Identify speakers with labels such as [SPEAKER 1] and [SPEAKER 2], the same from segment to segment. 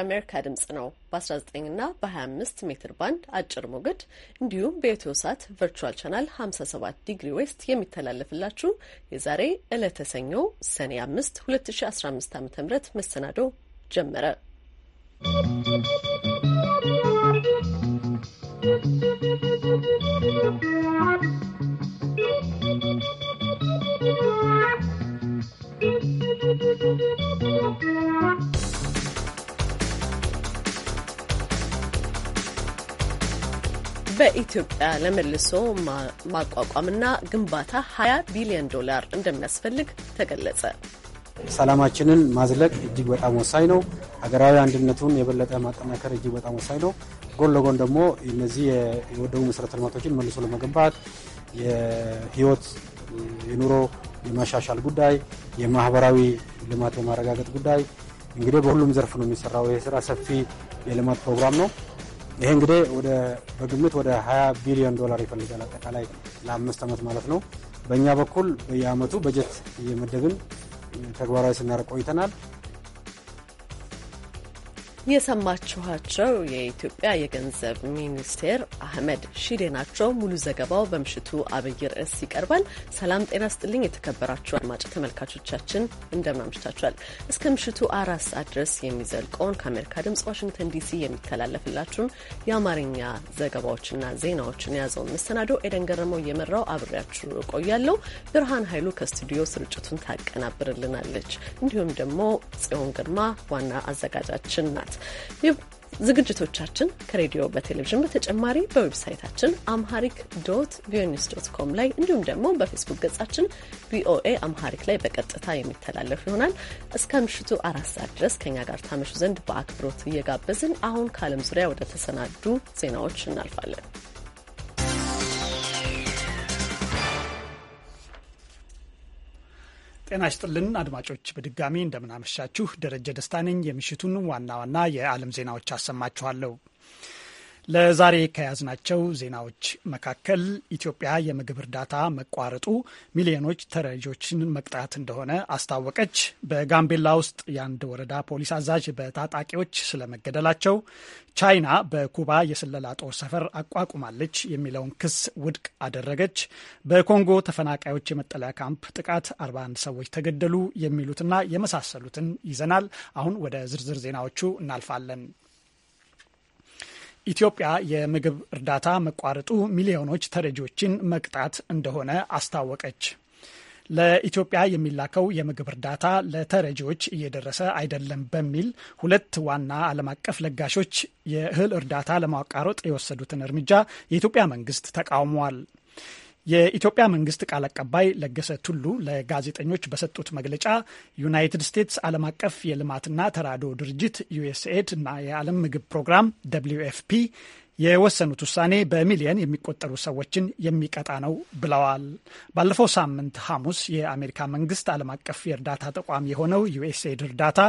[SPEAKER 1] የአሜሪካ ድምጽ ነው። በ19 እና በ25 ሜትር ባንድ አጭር ሞገድ እንዲሁም በኢትዮ ሳት ቨርቹዋል ቻናል 57 ዲግሪ ዌስት የሚተላለፍላችሁ የዛሬ ዕለተ ሰኞ ሰኔ 5 2015 ዓ ም መሰናዶ ጀመረ። በኢትዮጵያ ለመልሶ ማቋቋምና ግንባታ 20 ቢሊዮን ዶላር እንደሚያስፈልግ ተገለጸ።
[SPEAKER 2] ሰላማችንን ማዝለቅ እጅግ በጣም ወሳኝ ነው። ሀገራዊ አንድነቱን የበለጠ ማጠናከር እጅግ በጣም ወሳኝ ነው። ጎን ለጎን ደግሞ እነዚህ የወደሙ መሰረተ ልማቶችን መልሶ ለመገንባት የህይወት የኑሮ የማሻሻል ጉዳይ፣ የማህበራዊ ልማት የማረጋገጥ ጉዳይ እንግዲህ በሁሉም ዘርፍ ነው የሚሰራው። የስራ ሰፊ የልማት ፕሮግራም ነው። ይሄ እንግዲህ ወደ በግምት ወደ 20 ቢሊዮን ዶላር ይፈልጋል አጠቃላይ ለአምስት ዓመት ማለት ነው። በእኛ በኩል በየአመቱ በጀት እየመደብን ተግባራዊ ስናደርግ ቆይተናል።
[SPEAKER 1] የሰማችኋቸው የኢትዮጵያ የገንዘብ ሚኒስቴር አህመድ ሺዴ ናቸው። ሙሉ ዘገባው በምሽቱ አብይ ርዕስ ይቀርባል። ሰላም ጤና ስጥልኝ። የተከበራችሁ አድማጭ ተመልካቾቻችን እንደምን አምሽታችኋል? እስከ ምሽቱ አራት ሰዓት ድረስ የሚዘልቀውን ከአሜሪካ ድምጽ ዋሽንግተን ዲሲ የሚተላለፍላችሁን የአማርኛ ዘገባዎችና ዜናዎችን የያዘውን መሰናዶ ኤደን ገረመው እየመራው አብሬያችሁ እቆያለሁ። ብርሃን ኃይሉ ከስቱዲዮ ስርጭቱን ታቀናብርልናለች። እንዲሁም ደግሞ ጽዮን ግርማ ዋና አዘጋጃችን ናት። ሰዓት ዝግጅቶቻችን ከሬዲዮ በቴሌቪዥን በተጨማሪ በዌብሳይታችን አምሃሪክ ዶት ቪኦኤ ዶት ኮም ላይ እንዲሁም ደግሞ በፌስቡክ ገጻችን ቪኦኤ አምሃሪክ ላይ በቀጥታ የሚተላለፍ ይሆናል። እስከ ምሽቱ አራት ሰዓት ድረስ ከኛ ጋር ታመሹ ዘንድ በአክብሮት እየጋበዝን አሁን ከዓለም ዙሪያ ወደ ተሰናዱ ዜናዎች እናልፋለን። ጤና
[SPEAKER 3] ይስጥልን አድማጮች፣ በድጋሚ
[SPEAKER 1] እንደምናመሻችሁ
[SPEAKER 3] ደረጀ ደስታ ነኝ። የምሽቱን ዋና ዋና የዓለም ዜናዎች አሰማችኋለሁ። ለዛሬ ከያዝናቸው ዜናዎች መካከል ኢትዮጵያ የምግብ እርዳታ መቋረጡ ሚሊዮኖች ተረጂዎችን መቅጣት እንደሆነ አስታወቀች፣ በጋምቤላ ውስጥ የአንድ ወረዳ ፖሊስ አዛዥ በታጣቂዎች ስለመገደላቸው፣ ቻይና በኩባ የስለላ ጦር ሰፈር አቋቁማለች የሚለውን ክስ ውድቅ አደረገች፣ በኮንጎ ተፈናቃዮች የመጠለያ ካምፕ ጥቃት 41 ሰዎች ተገደሉ የሚሉትና የመሳሰሉትን ይዘናል። አሁን ወደ ዝርዝር ዜናዎቹ እናልፋለን። ኢትዮጵያ የምግብ እርዳታ መቋረጡ ሚሊዮኖች ተረጂዎችን መቅጣት እንደሆነ አስታወቀች። ለኢትዮጵያ የሚላከው የምግብ እርዳታ ለተረጂዎች እየደረሰ አይደለም በሚል ሁለት ዋና ዓለም አቀፍ ለጋሾች የእህል እርዳታ ለማቋረጥ የወሰዱትን እርምጃ የኢትዮጵያ መንግስት ተቃውሟል። የኢትዮጵያ መንግስት ቃል አቀባይ ለገሰ ቱሉ ለጋዜጠኞች በሰጡት መግለጫ ዩናይትድ ስቴትስ ዓለም አቀፍ የልማትና ተራድኦ ድርጅት ዩኤስኤድ እና የዓለም ምግብ ፕሮግራም ደብሊው ኤፍ ፒ የወሰኑት ውሳኔ በሚሊየን የሚቆጠሩ ሰዎችን የሚቀጣ ነው ብለዋል። ባለፈው ሳምንት ሐሙስ የአሜሪካ መንግስት ዓለም አቀፍ የእርዳታ ተቋም የሆነው ዩኤስኤድ እርዳታ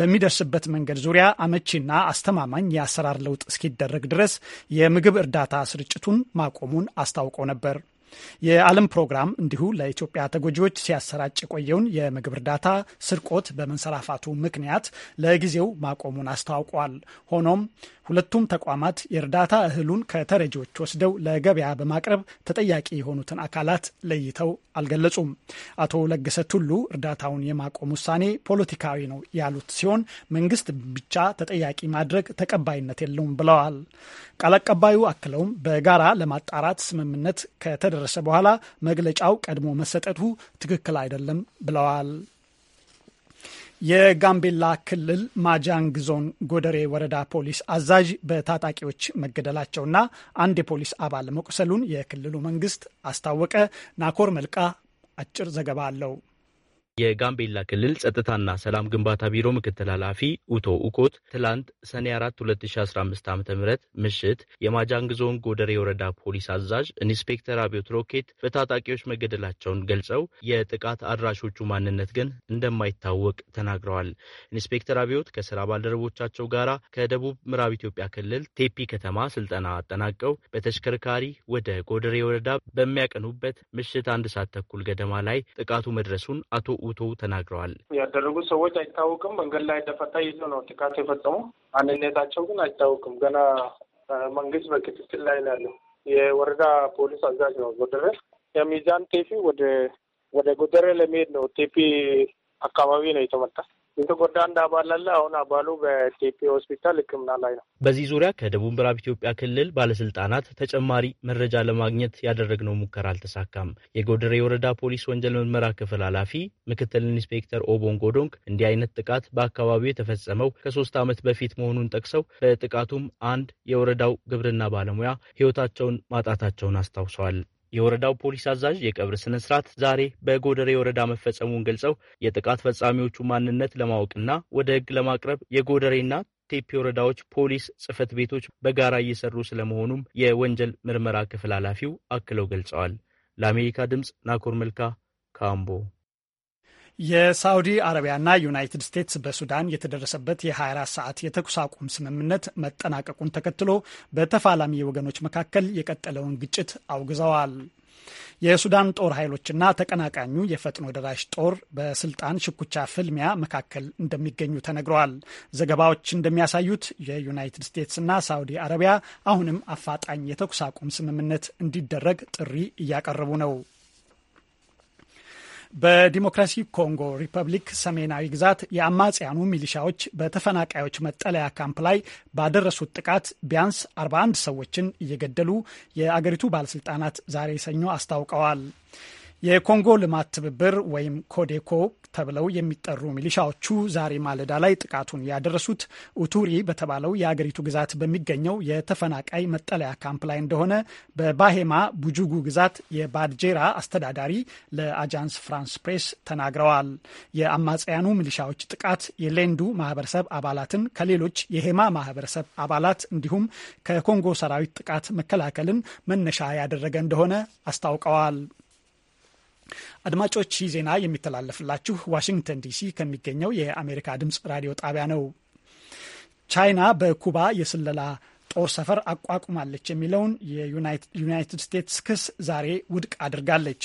[SPEAKER 3] በሚደርስበት መንገድ ዙሪያ አመቺና አስተማማኝ የአሰራር ለውጥ እስኪደረግ ድረስ የምግብ እርዳታ ስርጭቱን ማቆሙን አስታውቆ ነበር። የዓለም ፕሮግራም እንዲሁ ለኢትዮጵያ ተጎጂዎች ሲያሰራጭ የቆየውን የምግብ እርዳታ ስርቆት በመንሰራፋቱ ምክንያት ለጊዜው ማቆሙን አስታውቋል። ሆኖም ሁለቱም ተቋማት የእርዳታ እህሉን ከተረጂዎች ወስደው ለገበያ በማቅረብ ተጠያቂ የሆኑትን አካላት ለይተው አልገለጹም። አቶ ለገሰ ቱሉ እርዳታውን የማቆም ውሳኔ ፖለቲካዊ ነው ያሉት ሲሆን መንግስት ብቻ ተጠያቂ ማድረግ ተቀባይነት የለውም ብለዋል። ቃል አቀባዩ አክለውም በጋራ ለማጣራት ስምምነት ከተደረሰ በኋላ መግለጫው ቀድሞ መሰጠቱ ትክክል አይደለም ብለዋል። የጋምቤላ ክልል ማጃንግ ዞን ጎደሬ ወረዳ ፖሊስ አዛዥ በታጣቂዎች መገደላቸውና አንድ የፖሊስ አባል መቁሰሉን የክልሉ መንግስት አስታወቀ። ናኮር መልቃ አጭር ዘገባ አለው።
[SPEAKER 4] የጋምቤላ ክልል ጸጥታና ሰላም ግንባታ ቢሮ ምክትል ኃላፊ ኡቶ ኡኮት ትላንት ሰኔ 4 2015 ዓ ም ምሽት የማጃንግ ዞን ጎደሬ የወረዳ ፖሊስ አዛዥ ኢንስፔክተር አብዮት ሮኬት በታጣቂዎች መገደላቸውን ገልጸው የጥቃት አድራሾቹ ማንነት ግን እንደማይታወቅ ተናግረዋል። ኢንስፔክተር አብዮት ከስራ ባልደረቦቻቸው ጋር ከደቡብ ምዕራብ ኢትዮጵያ ክልል ቴፒ ከተማ ስልጠና አጠናቀው በተሽከርካሪ ወደ ጎደሬ ወረዳ በሚያቀኑበት ምሽት አንድ ሰዓት ተኩል ገደማ ላይ ጥቃቱ መድረሱን አቶ ኡቶ ተናግረዋል።
[SPEAKER 5] ያደረጉት ሰዎች አይታወቅም።
[SPEAKER 2] መንገድ ላይ ደፈጣ ይዞ ነው ጥቃት የፈጸሙ። አንድነታቸው ግን አይታወቅም። ገና መንግስት በክትትል ላይ ያለው የወረዳ ፖሊስ አዛዥ ነው ጎደረ የሚዛን ቴፒ ወደ ወደ ጎደረ ለመሄድ ነው ቴፒ አካባቢ ነው የተመጣ። የተጎዳ
[SPEAKER 5] አንድ አባል አለ። አሁን አባሉ በቴፒ ሆስፒታል ሕክምና ላይ ነው።
[SPEAKER 4] በዚህ ዙሪያ ከደቡብ ምዕራብ ኢትዮጵያ ክልል ባለስልጣናት ተጨማሪ መረጃ ለማግኘት ያደረግነው ሙከራ አልተሳካም። የጎደሬ ወረዳ ፖሊስ ወንጀል ምርመራ ክፍል ኃላፊ ምክትል ኢንስፔክተር ኦቦን ጎዶንግ እንዲህ አይነት ጥቃት በአካባቢው የተፈጸመው ከሶስት ዓመት በፊት መሆኑን ጠቅሰው በጥቃቱም አንድ የወረዳው ግብርና ባለሙያ ህይወታቸውን ማጣታቸውን አስታውሰዋል። የወረዳው ፖሊስ አዛዥ የቀብር ስነ ስርዓት ዛሬ በጎደሬ ወረዳ መፈጸሙን ገልጸው የጥቃት ፈጻሚዎቹ ማንነት ለማወቅና ወደ ሕግ ለማቅረብ የጎደሬና ቴፒ ወረዳዎች ፖሊስ ጽፈት ቤቶች በጋራ እየሰሩ ስለመሆኑም የወንጀል ምርመራ ክፍል ኃላፊው አክለው ገልጸዋል። ለአሜሪካ ድምፅ ናኮር መልካ ካምቦ
[SPEAKER 3] አረቢያ አረቢያና ዩናይትድ ስቴትስ በሱዳን የተደረሰበት የ24 ሰዓት የተኩስ አቁም ስምምነት መጠናቀቁን ተከትሎ በተፋላሚ ወገኖች መካከል የቀጠለውን ግጭት አውግዘዋል። የሱዳን ጦር ኃይሎችና ተቀናቃኙ የፈጥኖ ደራሽ ጦር በስልጣን ሽኩቻ ፍልሚያ መካከል እንደሚገኙ ተነግረዋል። ዘገባዎች እንደሚያሳዩት የዩናይትድ ስቴትስና ሳውዲ አረቢያ አሁንም አፋጣኝ የተኩስ አቁም ስምምነት እንዲደረግ ጥሪ እያቀረቡ ነው። በዲሞክራሲ ኮንጎ ሪፐብሊክ ሰሜናዊ ግዛት የአማጽያኑ ሚሊሻዎች በተፈናቃዮች መጠለያ ካምፕ ላይ ባደረሱት ጥቃት ቢያንስ 41 ሰዎችን እየገደሉ የአገሪቱ ባለስልጣናት ዛሬ ሰኞ አስታውቀዋል። የኮንጎ ልማት ትብብር ወይም ኮዴኮ ተብለው የሚጠሩ ሚሊሻዎቹ ዛሬ ማለዳ ላይ ጥቃቱን ያደረሱት ኡቱሪ በተባለው የአገሪቱ ግዛት በሚገኘው የተፈናቃይ መጠለያ ካምፕ ላይ እንደሆነ በባሄማ ቡጁጉ ግዛት የባድጄራ አስተዳዳሪ ለአጃንስ ፍራንስ ፕሬስ ተናግረዋል። የአማጽያኑ ሚሊሻዎች ጥቃት የሌንዱ ማህበረሰብ አባላትን ከሌሎች የሄማ ማህበረሰብ አባላት እንዲሁም ከኮንጎ ሰራዊት ጥቃት መከላከልን መነሻ ያደረገ እንደሆነ አስታውቀዋል። አድማጮች ይህ ዜና የሚተላለፍላችሁ ዋሽንግተን ዲሲ ከሚገኘው የአሜሪካ ድምፅ ራዲዮ ጣቢያ ነው። ቻይና በኩባ የስለላ ጦር ሰፈር አቋቁማለች የሚለውን የዩናይትድ ስቴትስ ክስ ዛሬ ውድቅ አድርጋለች።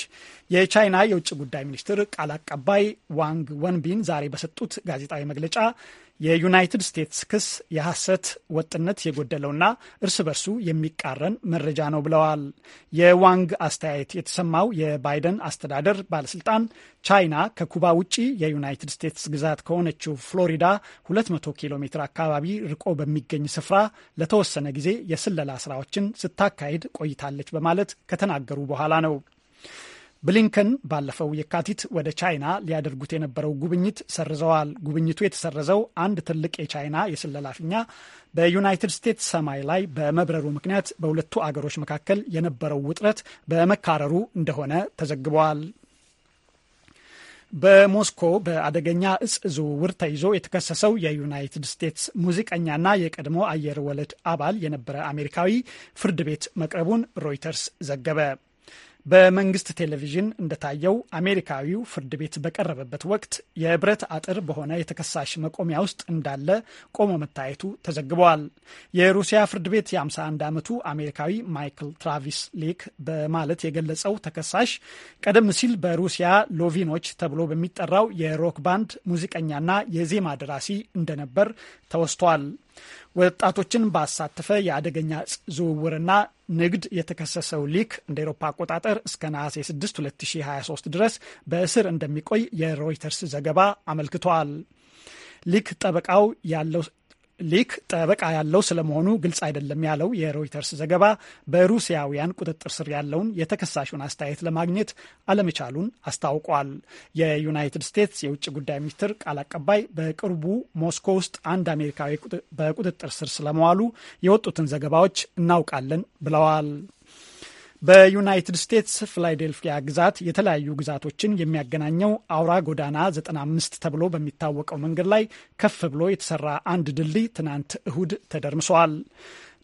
[SPEAKER 3] የቻይና የውጭ ጉዳይ ሚኒስትር ቃል አቀባይ ዋንግ ወንቢን ዛሬ በሰጡት ጋዜጣዊ መግለጫ የዩናይትድ ስቴትስ ክስ የሐሰት ወጥነት የጎደለውና እርስ በርሱ የሚቃረን መረጃ ነው ብለዋል። የዋንግ አስተያየት የተሰማው የባይደን አስተዳደር ባለስልጣን ቻይና ከኩባ ውጪ የዩናይትድ ስቴትስ ግዛት ከሆነችው ፍሎሪዳ 200 ኪሎ ሜትር አካባቢ ርቆ በሚገኝ ስፍራ ለተወሰነ ጊዜ የስለላ ስራዎችን ስታካሄድ ቆይታለች በማለት ከተናገሩ በኋላ ነው። ብሊንከን ባለፈው የካቲት ወደ ቻይና ሊያደርጉት የነበረው ጉብኝት ሰርዘዋል። ጉብኝቱ የተሰረዘው አንድ ትልቅ የቻይና የስለላ ፊኛ በዩናይትድ ስቴትስ ሰማይ ላይ በመብረሩ ምክንያት በሁለቱ አገሮች መካከል የነበረው ውጥረት በመካረሩ እንደሆነ ተዘግበዋል። በሞስኮ በአደገኛ እጽ ዝውውር ተይዞ የተከሰሰው የዩናይትድ ስቴትስ ሙዚቀኛና የቀድሞ አየር ወለድ አባል የነበረ አሜሪካዊ ፍርድ ቤት መቅረቡን ሮይተርስ ዘገበ። በመንግስት ቴሌቪዥን እንደታየው አሜሪካዊው ፍርድ ቤት በቀረበበት ወቅት የብረት አጥር በሆነ የተከሳሽ መቆሚያ ውስጥ እንዳለ ቆሞ መታየቱ ተዘግበዋል። የሩሲያ ፍርድ ቤት የ51 ዓመቱ አሜሪካዊ ማይክል ትራቪስ ሌክ በማለት የገለጸው ተከሳሽ ቀደም ሲል በሩሲያ ሎቪኖች ተብሎ በሚጠራው የሮክ ባንድ ሙዚቀኛና የዜማ ደራሲ እንደነበር ተወስቷል። ወጣቶችን ባሳተፈ የአደገኛ ዝውውርና ንግድ የተከሰሰው ሊክ እንደ ኤሮፓ አቆጣጠር እስከ ነሐሴ 6 2023 ድረስ በእስር እንደሚቆይ የሮይተርስ ዘገባ አመልክቷል። ሊክ ጠበቃው ሊክ ጠበቃ ያለው ስለመሆኑ ግልጽ አይደለም ያለው የሮይተርስ ዘገባ በሩሲያውያን ቁጥጥር ስር ያለውን የተከሳሹን አስተያየት ለማግኘት አለመቻሉን አስታውቋል። የዩናይትድ ስቴትስ የውጭ ጉዳይ ሚኒስትር ቃል አቀባይ በቅርቡ ሞስኮ ውስጥ አንድ አሜሪካዊ በቁጥጥር ስር ስለመዋሉ የወጡትን ዘገባዎች እናውቃለን ብለዋል። በዩናይትድ ስቴትስ ፊላዴልፊያ ግዛት የተለያዩ ግዛቶችን የሚያገናኘው አውራ ጎዳና 95 ተብሎ በሚታወቀው መንገድ ላይ ከፍ ብሎ የተሰራ አንድ ድልድይ ትናንት እሁድ ተደርምሰዋል።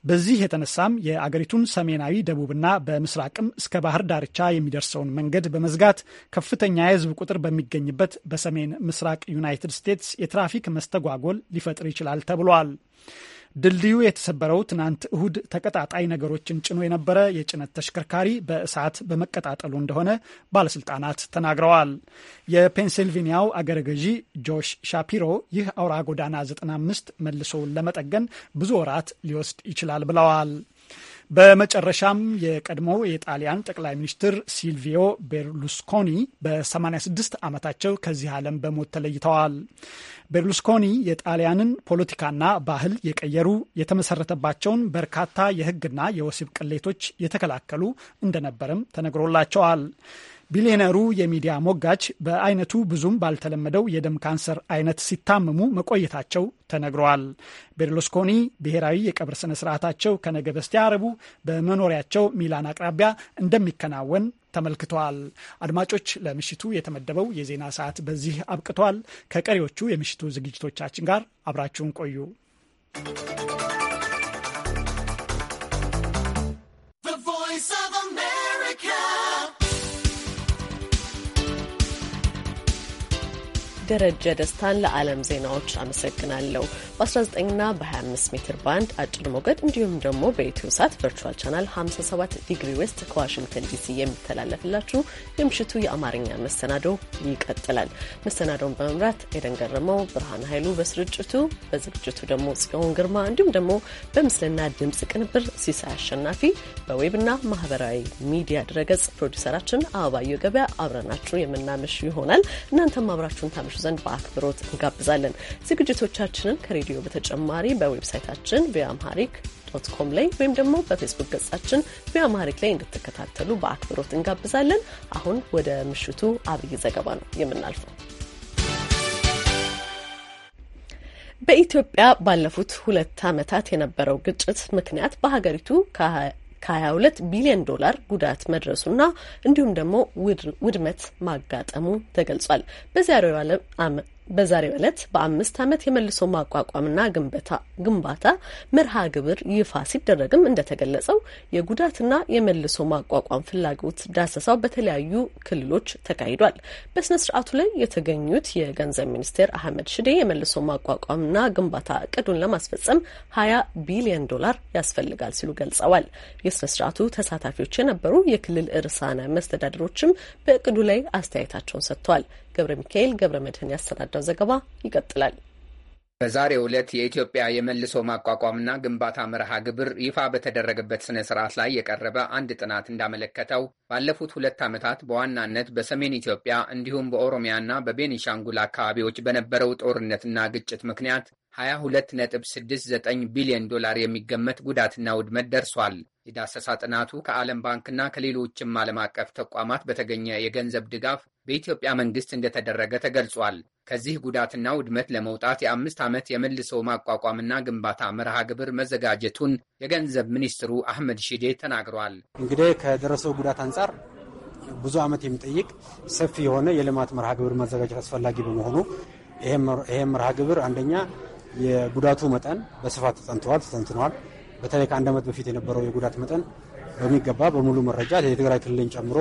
[SPEAKER 3] በዚህ የተነሳም የአገሪቱን ሰሜናዊ ደቡብና በምስራቅም እስከ ባህር ዳርቻ የሚደርሰውን መንገድ በመዝጋት ከፍተኛ የሕዝብ ቁጥር በሚገኝበት በሰሜን ምስራቅ ዩናይትድ ስቴትስ የትራፊክ መስተጓጎል ሊፈጥር ይችላል ተብሏል። ድልድዩ የተሰበረው ትናንት እሁድ ተቀጣጣይ ነገሮችን ጭኖ የነበረ የጭነት ተሽከርካሪ በእሳት በመቀጣጠሉ እንደሆነ ባለስልጣናት ተናግረዋል። የፔንሲልቬኒያው አገረ ገዢ ጆሽ ሻፒሮ ይህ አውራ ጎዳና 95 መልሶውን ለመጠገን ብዙ ወራት ሊወስድ ይችላል ብለዋል። በመጨረሻም የቀድሞው የጣሊያን ጠቅላይ ሚኒስትር ሲልቪዮ ቤርሉስኮኒ በ86 ዓመታቸው ከዚህ ዓለም በሞት ተለይተዋል። ቤርሉስኮኒ የጣሊያንን ፖለቲካና ባህል የቀየሩ የተመሰረተባቸውን በርካታ የሕግና የወሲብ ቅሌቶች የተከላከሉ እንደነበረም ተነግሮላቸዋል። ቢሊዮነሩ የሚዲያ ሞጋች በአይነቱ ብዙም ባልተለመደው የደም ካንሰር አይነት ሲታመሙ መቆየታቸው ተነግረዋል። ቤርሎስኮኒ ብሔራዊ የቀብር ስነ ስርዓታቸው ከነገ በስቲያ አረቡ በመኖሪያቸው ሚላን አቅራቢያ እንደሚከናወን ተመልክተዋል። አድማጮች፣ ለምሽቱ የተመደበው የዜና ሰዓት በዚህ አብቅቷል። ከቀሪዎቹ የምሽቱ ዝግጅቶቻችን ጋር አብራችሁን ቆዩ።
[SPEAKER 1] ደረጀ ደስታን ለዓለም ዜናዎች አመሰግናለሁ። በ19ና በ25 ሜትር ባንድ አጭር ሞገድ እንዲሁም ደግሞ በኢትዮ ሳት ቨርቹዋል ቻናል 57 ዲግሪ ዌስት ከዋሽንግተን ዲሲ የሚተላለፍላችሁ የምሽቱ የአማርኛ መሰናዶ ይቀጥላል። መሰናዶውን በመምራት ኤደን ገረመው፣ ብርሃን ኃይሉ በስርጭቱ በዝግጅቱ ደግሞ ጽዮን ግርማ እንዲሁም ደግሞ በምስልና ድምጽ ቅንብር ሲሳይ አሸናፊ በዌብና ማህበራዊ ሚዲያ ድረገጽ ፕሮዲሰራችን አበባየሁ ገበያ አብረናችሁ የምናመሽ ይሆናል። እናንተም አብራችሁን ታመሹ ዘንድ በአክብሮት እንጋብዛለን። ዝግጅቶቻችንን ከሬዲዮ በተጨማሪ በዌብሳይታችን ቪያምሃሪክ ዶት ኮም ላይ ወይም ደግሞ በፌስቡክ ገጻችን ቪያምሃሪክ ላይ እንድትከታተሉ በአክብሮት እንጋብዛለን። አሁን ወደ ምሽቱ አብይ ዘገባ ነው የምናልፈው። በኢትዮጵያ ባለፉት ሁለት ዓመታት የነበረው ግጭት ምክንያት በሀገሪቱ ከ22 ቢሊዮን ዶላር ጉዳት መድረሱና እንዲሁም ደግሞ ውድመት ማጋጠሙ ተገልጿል። በዛሬው በዛሬው ዕለት በአምስት ዓመት የመልሶ ማቋቋምና ግንባታ መርሃ ግብር ይፋ ሲደረግም እንደተገለጸው የጉዳትና የመልሶ ማቋቋም ፍላጎት ዳሰሳው በተለያዩ ክልሎች ተካሂዷል። በስነ ስርዓቱ ላይ የተገኙት የገንዘብ ሚኒስቴር አህመድ ሽዴ የመልሶ ማቋቋምና ግንባታ እቅዱን ለማስፈጸም ሀያ ቢሊዮን ዶላር ያስፈልጋል ሲሉ ገልጸዋል። የስነ ስርዓቱ ተሳታፊዎች የነበሩ የክልል ርዕሳነ መስተዳድሮችም በእቅዱ ላይ አስተያየታቸውን ሰጥተዋል። ገብረ ሚካኤል ገብረ መድህን ያሰናዳው ዘገባ ይቀጥላል።
[SPEAKER 6] በዛሬ ዕለት የኢትዮጵያ የመልሶ ማቋቋምና ግንባታ መርሃ ግብር ይፋ በተደረገበት ስነ ስርዓት ላይ የቀረበ አንድ ጥናት እንዳመለከተው ባለፉት ሁለት ዓመታት በዋናነት በሰሜን ኢትዮጵያ እንዲሁም በኦሮሚያና በቤኒሻንጉል አካባቢዎች በነበረው ጦርነትና ግጭት ምክንያት 22.69 ቢሊዮን ዶላር የሚገመት ጉዳትና ውድመት ደርሷል። የዳሰሳ ጥናቱ ከዓለም ባንክና ከሌሎችም ዓለም አቀፍ ተቋማት በተገኘ የገንዘብ ድጋፍ በኢትዮጵያ መንግስት እንደተደረገ ተገልጿል። ከዚህ ጉዳትና ውድመት ለመውጣት የአምስት ዓመት የመልሶ ማቋቋምና ግንባታ መርሃ ግብር መዘጋጀቱን የገንዘብ ሚኒስትሩ አህመድ ሺዴ ተናግሯል።
[SPEAKER 2] እንግዲህ ከደረሰው ጉዳት አንጻር ብዙ ዓመት የሚጠይቅ ሰፊ የሆነ የልማት መርሃ ግብር መዘጋጀት አስፈላጊ በመሆኑ ይህም መርሃ ግብር አንደኛ የጉዳቱ መጠን በስፋት ተጠንተዋል ተተንትነዋል። በተለይ ከአንድ ዓመት በፊት የነበረው የጉዳት መጠን በሚገባ በሙሉ መረጃ የትግራይ ክልልን ጨምሮ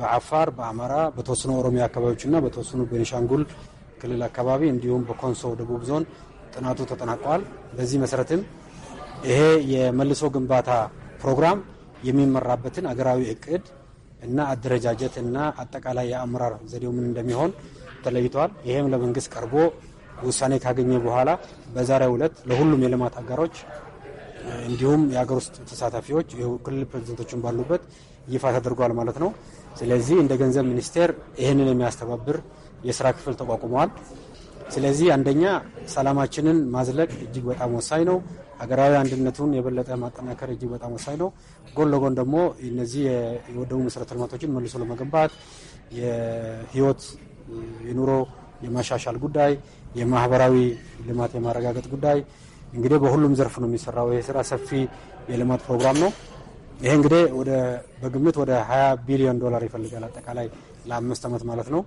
[SPEAKER 2] በአፋር፣ በአማራ፣ በተወሰኑ ኦሮሚያ አካባቢዎችና በተወሰኑ ቤኒሻንጉል ክልል አካባቢ እንዲሁም በኮንሶ ደቡብ ዞን ጥናቱ ተጠናቋል። በዚህ መሰረትም ይሄ የመልሶ ግንባታ ፕሮግራም የሚመራበትን አገራዊ እቅድ እና አደረጃጀት እና አጠቃላይ የአመራር ዘዴው ምን እንደሚሆን ተለይቷል ይሄም ለመንግስት ቀርቦ ውሳኔ ካገኘ በኋላ በዛሬው ዕለት ለሁሉም የልማት አጋሮች እንዲሁም የሀገር ውስጥ ተሳታፊዎች ክልል ፕሬዚደንቶችን ባሉበት ይፋ ተደርጓል ማለት ነው። ስለዚህ እንደ ገንዘብ ሚኒስቴር ይህንን የሚያስተባብር የስራ ክፍል ተቋቁመዋል። ስለዚህ አንደኛ ሰላማችንን ማዝለቅ እጅግ በጣም ወሳኝ ነው። ሀገራዊ አንድነቱን የበለጠ ማጠናከር እጅግ በጣም ወሳኝ ነው። ጎን ለጎን ደግሞ እነዚህ የወደሙ መሰረተ ልማቶችን መልሶ ለመገንባት የህይወት የኑሮ የማሻሻል ጉዳይ የማህበራዊ ልማት የማረጋገጥ ጉዳይ እንግዲህ በሁሉም ዘርፍ ነው የሚሰራው። ይህ ስራ ሰፊ የልማት ፕሮግራም ነው። ይሄ እንግዲህ ወደ በግምት ወደ 20 ቢሊዮን ዶላር ይፈልጋል አጠቃላይ ለአምስት ዓመት ማለት ነው።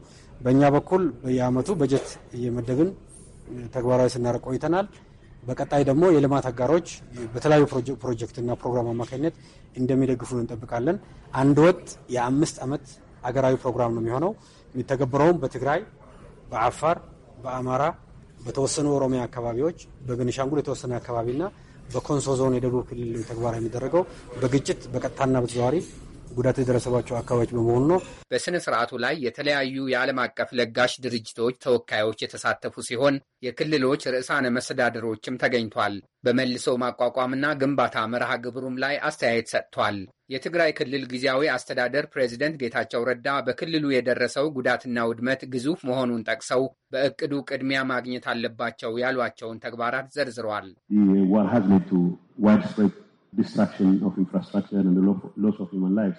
[SPEAKER 2] በእኛ በኩል በየአመቱ በጀት እየመደብን ተግባራዊ ስናደርግ ቆይተናል። በቀጣይ ደግሞ የልማት አጋሮች በተለያዩ ፕሮጀክትና ፕሮግራም አማካኝነት እንደሚደግፉ እንጠብቃለን። አንድ ወጥ የአምስት ዓመት አገራዊ ፕሮግራም ነው የሚሆነው የሚተገበረውም በትግራይ፣ በአፋር በአማራ በተወሰኑ ኦሮሚያ አካባቢዎች፣ በቤኒሻንጉል የተወሰነ አካባቢና በኮንሶ ዞን የደቡብ ክልል ተግባራዊ የሚደረገው በግጭት በቀጥታና በተዘዋዋሪ ጉዳት የደረሰባቸው አካባቢዎች በመሆኑ ነው።
[SPEAKER 6] በስነ ስርዓቱ ላይ የተለያዩ የዓለም አቀፍ ለጋሽ ድርጅቶች ተወካዮች የተሳተፉ ሲሆን የክልሎች ርዕሳነ መስተዳድሮችም ተገኝቷል። በመልሶ ማቋቋምና ግንባታ መርሃ ግብሩም ላይ አስተያየት ሰጥቷል። የትግራይ ክልል ጊዜያዊ አስተዳደር ፕሬዚደንት ጌታቸው ረዳ በክልሉ የደረሰው ጉዳትና ውድመት ግዙፍ መሆኑን ጠቅሰው በእቅዱ ቅድሚያ ማግኘት አለባቸው ያሏቸውን ተግባራት ዘርዝረዋል።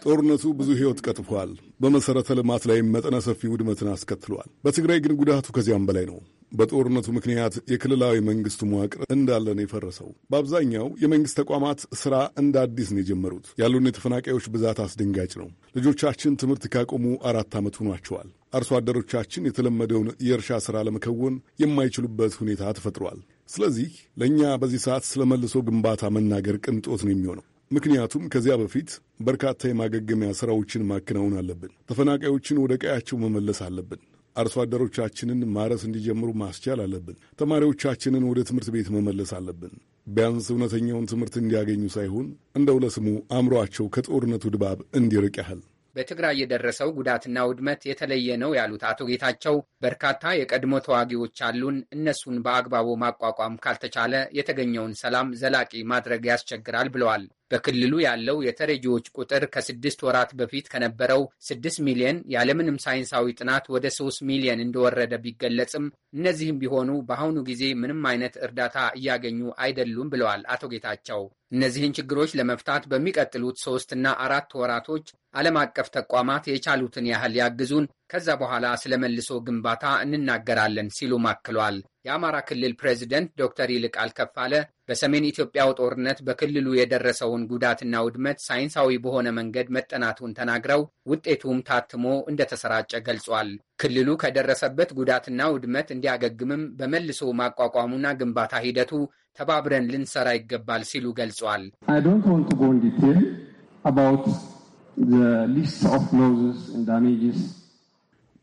[SPEAKER 6] ጦርነቱ ብዙ
[SPEAKER 7] ሕይወት ቀጥፏል። በመሠረተ ልማት ላይ መጠነ ሰፊ ውድመትን አስከትሏል። በትግራይ ግን ጉዳቱ ከዚያም በላይ ነው። በጦርነቱ ምክንያት የክልላዊ መንግስቱ መዋቅር እንዳለን የፈረሰው በአብዛኛው የመንግስት ተቋማት ስራ እንደ አዲስ ነው የጀመሩት። ያሉን የተፈናቃዮች ብዛት አስደንጋጭ ነው። ልጆቻችን ትምህርት ካቆሙ አራት ዓመት ሆኗቸዋል። አርሶ አደሮቻችን የተለመደውን የእርሻ ስራ ለመከወን የማይችሉበት ሁኔታ ተፈጥሯል። ስለዚህ ለእኛ በዚህ ሰዓት ስለ መልሶ ግንባታ መናገር ቅንጦት ነው የሚሆነው። ምክንያቱም ከዚያ በፊት በርካታ የማገገሚያ ስራዎችን ማከናወን አለብን። ተፈናቃዮችን ወደ ቀያቸው መመለስ አለብን። አርሶ አደሮቻችንን ማረስ እንዲጀምሩ ማስቻል አለብን። ተማሪዎቻችንን ወደ ትምህርት ቤት መመለስ አለብን። ቢያንስ እውነተኛውን ትምህርት እንዲያገኙ ሳይሆን እንደው ለስሙ አእምሮአቸው ከጦርነቱ ድባብ እንዲርቅ ያህል
[SPEAKER 6] በትግራይ የደረሰው ጉዳትና ውድመት የተለየ ነው ያሉት አቶ ጌታቸው በርካታ የቀድሞ ተዋጊዎች አሉን፣ እነሱን በአግባቡ ማቋቋም ካልተቻለ የተገኘውን ሰላም ዘላቂ ማድረግ ያስቸግራል ብለዋል። በክልሉ ያለው የተረጂዎች ቁጥር ከስድስት ወራት በፊት ከነበረው ስድስት ሚሊየን ያለምንም ሳይንሳዊ ጥናት ወደ ሶስት ሚሊየን እንደወረደ ቢገለጽም እነዚህም ቢሆኑ በአሁኑ ጊዜ ምንም አይነት እርዳታ እያገኙ አይደሉም ብለዋል አቶ ጌታቸው። እነዚህን ችግሮች ለመፍታት በሚቀጥሉት ሶስትና አራት ወራቶች ዓለም አቀፍ ተቋማት የቻሉትን ያህል ያግዙን፣ ከዛ በኋላ ስለ መልሶ ግንባታ እንናገራለን ሲሉ ማክሏል። የአማራ ክልል ፕሬዚደንት ዶክተር ይልቃል ከፋለ በሰሜን ኢትዮጵያው ጦርነት በክልሉ የደረሰውን ጉዳትና ውድመት ሳይንሳዊ በሆነ መንገድ መጠናቱን ተናግረው ውጤቱም ታትሞ እንደተሰራጨ ገልጿል። ክልሉ ከደረሰበት ጉዳትና ውድመት እንዲያገግምም በመልሶ ማቋቋሙና ግንባታ ሂደቱ ተባብረን ልንሰራ ይገባል ሲሉ ገልጿል።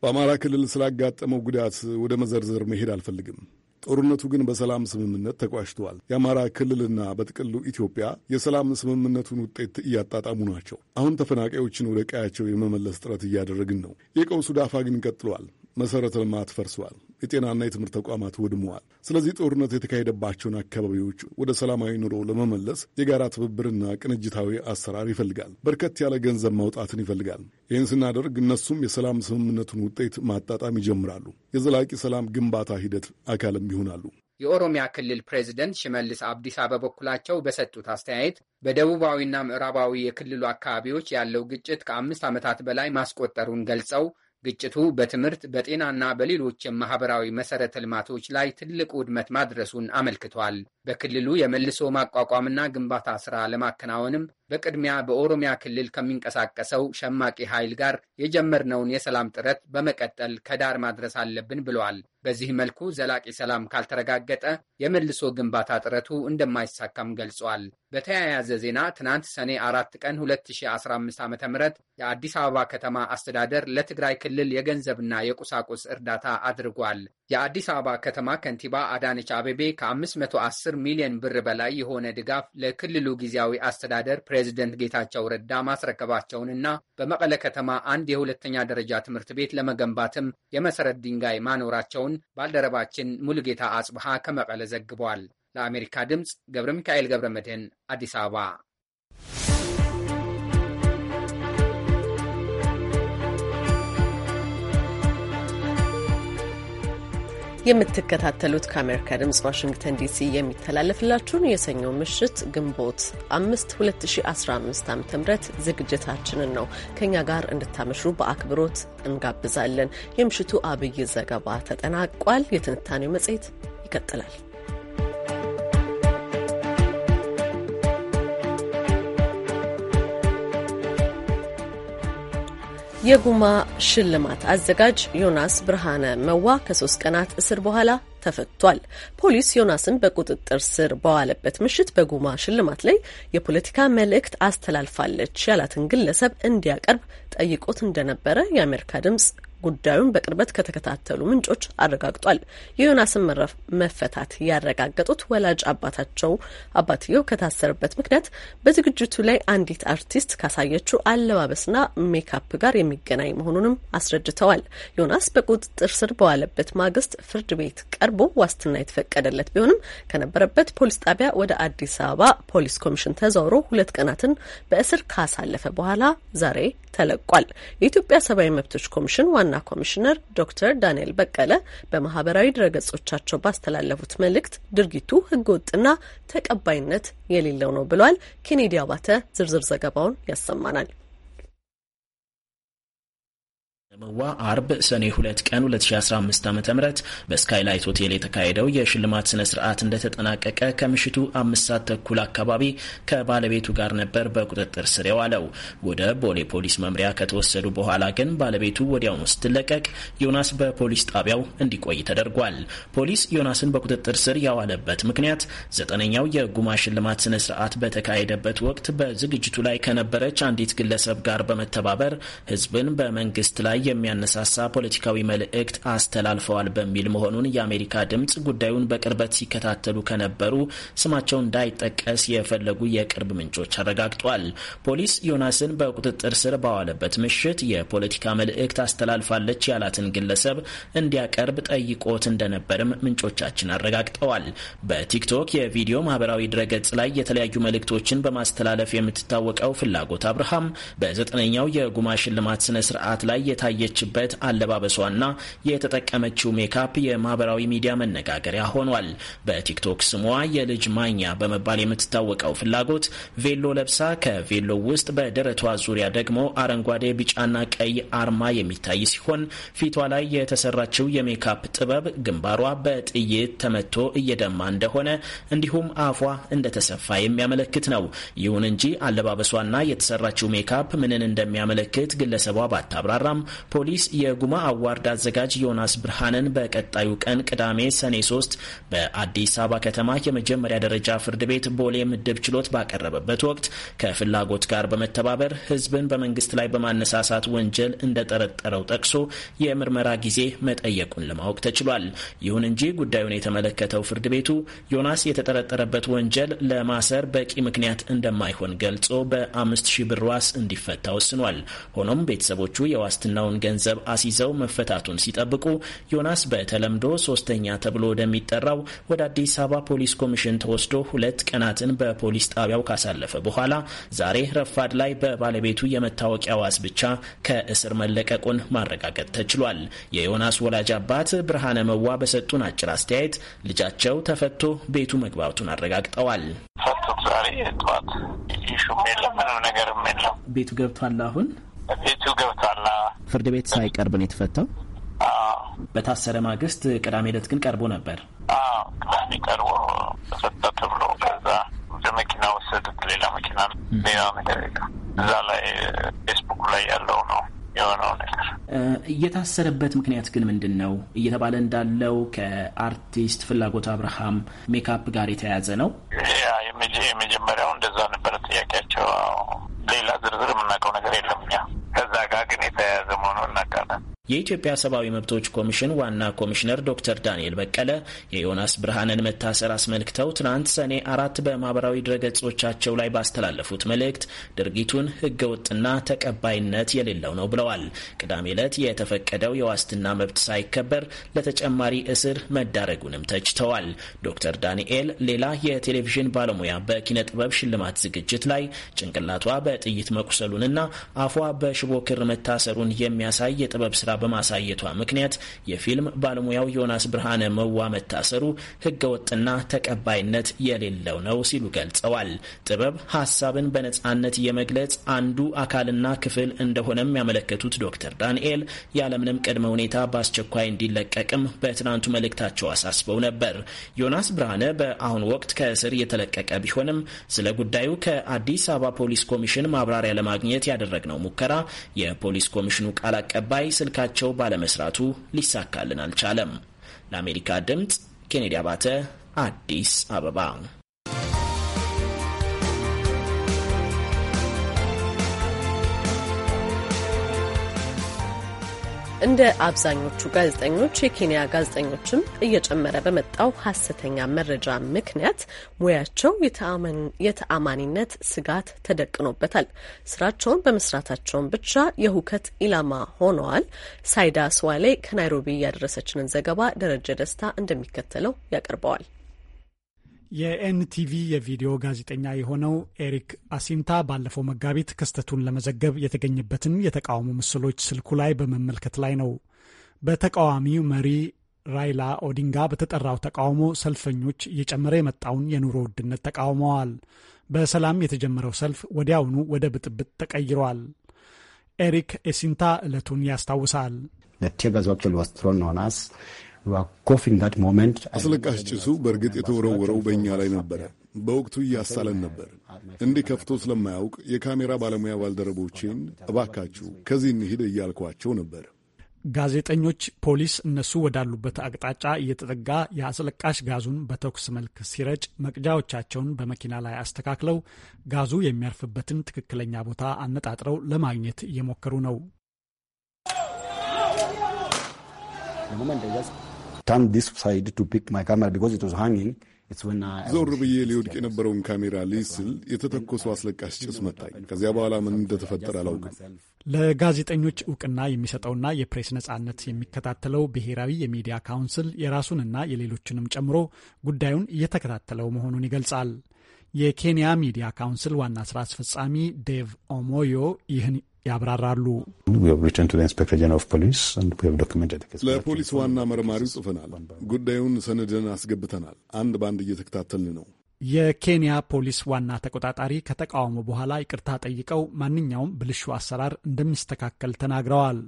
[SPEAKER 7] በአማራ ክልል ስላጋጠመው ጉዳት ወደ መዘርዘር መሄድ አልፈልግም። ጦርነቱ ግን በሰላም ስምምነት ተቋጭተዋል። የአማራ ክልልና በጥቅሉ ኢትዮጵያ የሰላም ስምምነቱን ውጤት እያጣጣሙ ናቸው። አሁን ተፈናቃዮችን ወደ ቀያቸው የመመለስ ጥረት እያደረግን ነው። የቀውሱ ዳፋ ግን ቀጥሏል። መሠረተ ልማት ፈርሷል። የጤናና የትምህርት ተቋማት ወድመዋል። ስለዚህ ጦርነት የተካሄደባቸውን አካባቢዎች ወደ ሰላማዊ ኑሮ ለመመለስ የጋራ ትብብርና ቅንጅታዊ አሰራር ይፈልጋል። በርከት ያለ ገንዘብ ማውጣትን ይፈልጋል። ይህን ስናደርግ እነሱም የሰላም ስምምነቱን ውጤት ማጣጣም ይጀምራሉ። የዘላቂ ሰላም ግንባታ ሂደት አካልም ይሆናሉ።
[SPEAKER 6] የኦሮሚያ ክልል ፕሬዚደንት ሽመልስ አብዲሳ በበኩላቸው በሰጡት አስተያየት በደቡባዊና ምዕራባዊ የክልሉ አካባቢዎች ያለው ግጭት ከአምስት ዓመታት በላይ ማስቆጠሩን ገልጸው ግጭቱ በትምህርት በጤናና በሌሎች የማህበራዊ መሰረተ ልማቶች ላይ ትልቅ ውድመት ማድረሱን አመልክቷል። በክልሉ የመልሶ ማቋቋምና ግንባታ ስራ ለማከናወንም በቅድሚያ በኦሮሚያ ክልል ከሚንቀሳቀሰው ሸማቂ ኃይል ጋር የጀመርነውን የሰላም ጥረት በመቀጠል ከዳር ማድረስ አለብን ብለዋል። በዚህ መልኩ ዘላቂ ሰላም ካልተረጋገጠ የመልሶ ግንባታ ጥረቱ እንደማይሳካም ገልጿል። በተያያዘ ዜና ትናንት ሰኔ አራት ቀን 2015 ዓ ም የአዲስ አበባ ከተማ አስተዳደር ለትግራይ ክልል የገንዘብና የቁሳቁስ እርዳታ አድርጓል። የአዲስ አበባ ከተማ ከንቲባ አዳነች አቤቤ ከ510 ሚሊዮን ብር በላይ የሆነ ድጋፍ ለክልሉ ጊዜያዊ አስተዳደር ፕሬዚደንት ጌታቸው ረዳ ማስረከባቸውንና በመቀለ ከተማ አንድ የሁለተኛ ደረጃ ትምህርት ቤት ለመገንባትም የመሰረት ድንጋይ ማኖራቸውን ባልደረባችን ሙሉጌታ አጽብሃ ከመቀለ ዘግቧል። ለአሜሪካ ድምፅ ገብረ ሚካኤል ገብረ መድህን አዲስ አበባ
[SPEAKER 1] የምትከታተሉት ከአሜሪካ ድምጽ ዋሽንግተን ዲሲ የሚተላለፍላችሁን የሰኞው ምሽት ግንቦት አምስት 2015 ዓ ም ዝግጅታችንን ነው። ከኛ ጋር እንድታመሹ በአክብሮት እንጋብዛለን። የምሽቱ አብይ ዘገባ ተጠናቋል። የትንታኔው መጽሔት ይቀጥላል። የጉማ ሽልማት አዘጋጅ ዮናስ ብርሃነ መዋ ከሶስት ቀናት እስር በኋላ ተፈቷል። ፖሊስ ዮናስን በቁጥጥር ስር በዋለበት ምሽት በጉማ ሽልማት ላይ የፖለቲካ መልእክት አስተላልፋለች ያላትን ግለሰብ እንዲያቀርብ ጠይቆት እንደነበረ የአሜሪካ ድምጽ ጉዳዩን በቅርበት ከተከታተሉ ምንጮች አረጋግጧል። የዮናስን መፈታት ያረጋገጡት ወላጅ አባታቸው አባትየው ከታሰረበት ምክንያት በዝግጅቱ ላይ አንዲት አርቲስት ካሳየችው አለባበስና ሜካፕ ጋር የሚገናኝ መሆኑንም አስረድተዋል። ዮናስ በቁጥጥር ስር በዋለበት ማግስት ፍርድ ቤት ቀርቦ ዋስትና የተፈቀደለት ቢሆንም ከነበረበት ፖሊስ ጣቢያ ወደ አዲስ አበባ ፖሊስ ኮሚሽን ተዘውሮ ሁለት ቀናትን በእስር ካሳለፈ በኋላ ዛሬ ተለቋል። የኢትዮጵያ ሰብአዊ መብቶች ኮሚሽን ዋና ኮሚሽነር ዶክተር ዳንኤል በቀለ በማህበራዊ ድረገጾቻቸው ባስተላለፉት መልእክት ድርጊቱ ህገወጥና ተቀባይነት የሌለው ነው ብሏል። ኬኔዲ አባተ ዝርዝር ዘገባውን ያሰማናል።
[SPEAKER 8] መዋ አርብ ሰኔ 2 ቀን 2015 ዓ ም በስካይላይት ሆቴል የተካሄደው የሽልማት ስነ ስርዓት እንደተጠናቀቀ ከምሽቱ አምስት ሰዓት ተኩል አካባቢ ከባለቤቱ ጋር ነበር በቁጥጥር ስር የዋለው። ወደ ቦሌ ፖሊስ መምሪያ ከተወሰዱ በኋላ ግን ባለቤቱ ወዲያውኑ ስትለቀቅ ዮናስ በፖሊስ ጣቢያው እንዲቆይ ተደርጓል። ፖሊስ ዮናስን በቁጥጥር ስር ያዋለበት ምክንያት ዘጠነኛው የጉማ ሽልማት ስነ ስርዓት በተካሄደበት ወቅት በዝግጅቱ ላይ ከነበረች አንዲት ግለሰብ ጋር በመተባበር ህዝብን በመንግስት ላይ የሚያነሳሳ ፖለቲካዊ መልእክት አስተላልፈዋል በሚል መሆኑን የአሜሪካ ድምፅ ጉዳዩን በቅርበት ሲከታተሉ ከነበሩ ስማቸው እንዳይጠቀስ የፈለጉ የቅርብ ምንጮች አረጋግጧል። ፖሊስ ዮናስን በቁጥጥር ስር ባዋለበት ምሽት የፖለቲካ መልእክት አስተላልፋለች ያላትን ግለሰብ እንዲያቀርብ ጠይቆት እንደነበርም ምንጮቻችን አረጋግጠዋል። በቲክቶክ የቪዲዮ ማህበራዊ ድረገጽ ላይ የተለያዩ መልእክቶችን በማስተላለፍ የምትታወቀው ፍላጎት አብርሃም በዘጠነኛው የጉማ ሽልማት ስነ ስርዓት ላይ የታ የታየችበት አለባበሷና የተጠቀመችው ሜካፕ የማህበራዊ ሚዲያ መነጋገሪያ ሆኗል። በቲክቶክ ስሟ የልጅ ማኛ በመባል የምትታወቀው ፍላጎት ቬሎ ለብሳ ከቬሎ ውስጥ በደረቷ ዙሪያ ደግሞ አረንጓዴ፣ ቢጫና ቀይ አርማ የሚታይ ሲሆን ፊቷ ላይ የተሰራችው የሜካፕ ጥበብ ግንባሯ በጥይት ተመቶ እየደማ እንደሆነ እንዲሁም አፏ እንደተሰፋ የሚያመለክት ነው። ይሁን እንጂ አለባበሷና የተሰራችው ሜካፕ ምንን እንደሚያመለክት ግለሰቧ ባታብራራም ፖሊስ የጉማ አዋርድ አዘጋጅ ዮናስ ብርሃንን በቀጣዩ ቀን ቅዳሜ ሰኔ 3 በአዲስ አበባ ከተማ የመጀመሪያ ደረጃ ፍርድ ቤት ቦሌ ምድብ ችሎት ባቀረበበት ወቅት ከፍላጎት ጋር በመተባበር ህዝብን በመንግስት ላይ በማነሳሳት ወንጀል እንደጠረጠረው ጠቅሶ የምርመራ ጊዜ መጠየቁን ለማወቅ ተችሏል። ይሁን እንጂ ጉዳዩን የተመለከተው ፍርድ ቤቱ ዮናስ የተጠረጠረበት ወንጀል ለማሰር በቂ ምክንያት እንደማይሆን ገልጾ በአምስት ሺህ ብር ዋስ እንዲፈታ ወስኗል። ሆኖም ቤተሰቦቹ የዋስትናው የሚጠራውን ገንዘብ አስይዘው መፈታቱን ሲጠብቁ ዮናስ በተለምዶ ሶስተኛ ተብሎ ወደሚጠራው ወደ አዲስ አበባ ፖሊስ ኮሚሽን ተወስዶ ሁለት ቀናትን በፖሊስ ጣቢያው ካሳለፈ በኋላ ዛሬ ረፋድ ላይ በባለቤቱ የመታወቂያ ዋስ ብቻ ከእስር መለቀቁን ማረጋገጥ ተችሏል። የዮናስ ወላጅ አባት ብርሃነ መዋ በሰጡን አጭር አስተያየት ልጃቸው ተፈቶ ቤቱ መግባቱን አረጋግጠዋል። ፈቱት ዛሬ ጠዋት። የለም ምንም ነገርም የለም። ቤቱ ገብቷል አሁን ቤቱ ገብቷል። ፍርድ ቤት ሳይቀርብ ነው የተፈታው። በታሰረ ማግስት ቅዳሜ ዕለት ግን ቀርቦ ነበር። ቅዳሜ
[SPEAKER 5] ቀርቦ ተፈታ ተብሎ ከዛ መኪና ወሰዱት። ሌላ መኪና ሌላ
[SPEAKER 6] ነገር
[SPEAKER 8] እዛ ላይ ፌስቡክ ላይ ያለው ነው የሆነው ነገር እየታሰረበት ምክንያት ግን ምንድን ነው እየተባለ እንዳለው ከአርቲስት ፍላጎት አብርሃም ሜካፕ ጋር የተያያዘ ነው። የመጀመሪያው እንደዛ ነበረ ጥያቄያቸው ሌላ ዝርዝር የምናውቀው ነገር የለም። እኛ ከዛ ጋር ግን የተያያዘ መሆኑን እናውቃለን። የኢትዮጵያ ሰብአዊ መብቶች ኮሚሽን ዋና ኮሚሽነር ዶክተር ዳንኤል በቀለ የዮናስ ብርሃንን መታሰር አስመልክተው ትናንት ሰኔ አራት በማህበራዊ ድረገጾቻቸው ላይ ባስተላለፉት መልእክት ድርጊቱን ህገወጥና ተቀባይነት የሌለው ነው ብለዋል። ቅዳሜ ዕለት የተፈቀደው የዋስትና መብት ሳይከበር ለተጨማሪ እስር መዳረጉንም ተችተዋል። ዶክተር ዳንኤል ሌላ የቴሌቪዥን ባለሙያ በኪነ ጥበብ ሽልማት ዝግጅት ላይ ጭንቅላቷ በ በጥይት መቁሰሉንና አፏ በሽቦ ክር መታሰሩን የሚያሳይ የጥበብ ስራ በማሳየቷ ምክንያት የፊልም ባለሙያው ዮናስ ብርሃነ መዋ መታሰሩ ህገወጥና ተቀባይነት የሌለው ነው ሲሉ ገልጸዋል። ጥበብ ሀሳብን በነጻነት የመግለጽ አንዱ አካልና ክፍል እንደሆነም ያመለከቱት ዶክተር ዳንኤል ያለምንም ቅድመ ሁኔታ በአስቸኳይ እንዲለቀቅም በትናንቱ መልእክታቸው አሳስበው ነበር። ዮናስ ብርሃነ በአሁኑ ወቅት ከእስር የተለቀቀ ቢሆንም ስለ ጉዳዩ ከአዲስ አበባ ፖሊስ ኮሚሽን ኮሚሽን ማብራሪያ ለማግኘት ያደረግነው ሙከራ የፖሊስ ኮሚሽኑ ቃል አቀባይ ስልካቸው ባለመስራቱ ሊሳካልን አልቻለም። ለአሜሪካ ድምፅ ኬኔዲ አባተ አዲስ አበባ
[SPEAKER 1] እንደ አብዛኞቹ ጋዜጠኞች የኬንያ ጋዜጠኞችም እየጨመረ በመጣው ሀሰተኛ መረጃ ምክንያት ሙያቸው የተአማኒነት ስጋት ተደቅኖበታል። ስራቸውን በመስራታቸውን ብቻ የሁከት ኢላማ ሆነዋል። ሳይዳ ስዋሌ ከናይሮቢ ያደረሰችንን ዘገባ ደረጀ ደስታ እንደሚከተለው ያቀርበዋል።
[SPEAKER 3] የኤንቲቪ የቪዲዮ ጋዜጠኛ የሆነው ኤሪክ አሲንታ ባለፈው መጋቢት ክስተቱን ለመዘገብ የተገኘበትን የተቃውሞ ምስሎች ስልኩ ላይ በመመልከት ላይ ነው። በተቃዋሚው መሪ ራይላ ኦዲንጋ በተጠራው ተቃውሞ ሰልፈኞች እየጨመረ የመጣውን የኑሮ ውድነት ተቃውመዋል። በሰላም የተጀመረው ሰልፍ ወዲያውኑ ወደ ብጥብጥ ተቀይሯል። ኤሪክ ኤሲንታ ዕለቱን ያስታውሳል።
[SPEAKER 7] አስለቃሽ ጭሱ በእርግጥ የተወረወረው በእኛ ላይ ነበረ። በወቅቱ እያሳለን ነበር። እንዲህ ከፍቶ ስለማያውቅ የካሜራ ባለሙያ ባልደረቦቼን እባካችሁ ከዚህ እንሂድ እያልኳቸው ነበር።
[SPEAKER 3] ጋዜጠኞች ፖሊስ እነሱ ወዳሉበት አቅጣጫ እየተጠጋ የአስለቃሽ ጋዙን በተኩስ መልክ ሲረጭ መቅጃዎቻቸውን በመኪና ላይ አስተካክለው ጋዙ የሚያርፍበትን ትክክለኛ ቦታ አነጣጥረው ለማግኘት እየሞከሩ ነው።
[SPEAKER 2] turned this side to pick my camera because it was hanging.
[SPEAKER 7] ዞር ብዬ ሊወድቅ የነበረውን ካሜራ ልይዝ ስል የተተኮሱ አስለቃሽ ጭስ መታኝ። ከዚያ በኋላ ምን እንደተፈጠረ አላውቅም።
[SPEAKER 3] ለጋዜጠኞች እውቅና የሚሰጠውና የፕሬስ ነጻነት የሚከታተለው ብሔራዊ የሚዲያ ካውንስል የራሱንና የሌሎችንም ጨምሮ ጉዳዩን እየተከታተለው መሆኑን ይገልጻል። የኬንያ ሚዲያ ካውንስል ዋና ስራ አስፈጻሚ
[SPEAKER 7] ዴቭ ኦሞዮ ይህን ያብራራሉ። ለፖሊስ ዋና መርማሪው ጽፈናል። ጉዳዩን ሰነድን አስገብተናል። አንድ በአንድ እየተከታተልን ነው።
[SPEAKER 3] የኬንያ ፖሊስ ዋና ተቆጣጣሪ ከተቃውሞ በኋላ ይቅርታ ጠይቀው ማንኛውም ብልሹ አሰራር እንደሚስተካከል ተናግረዋል።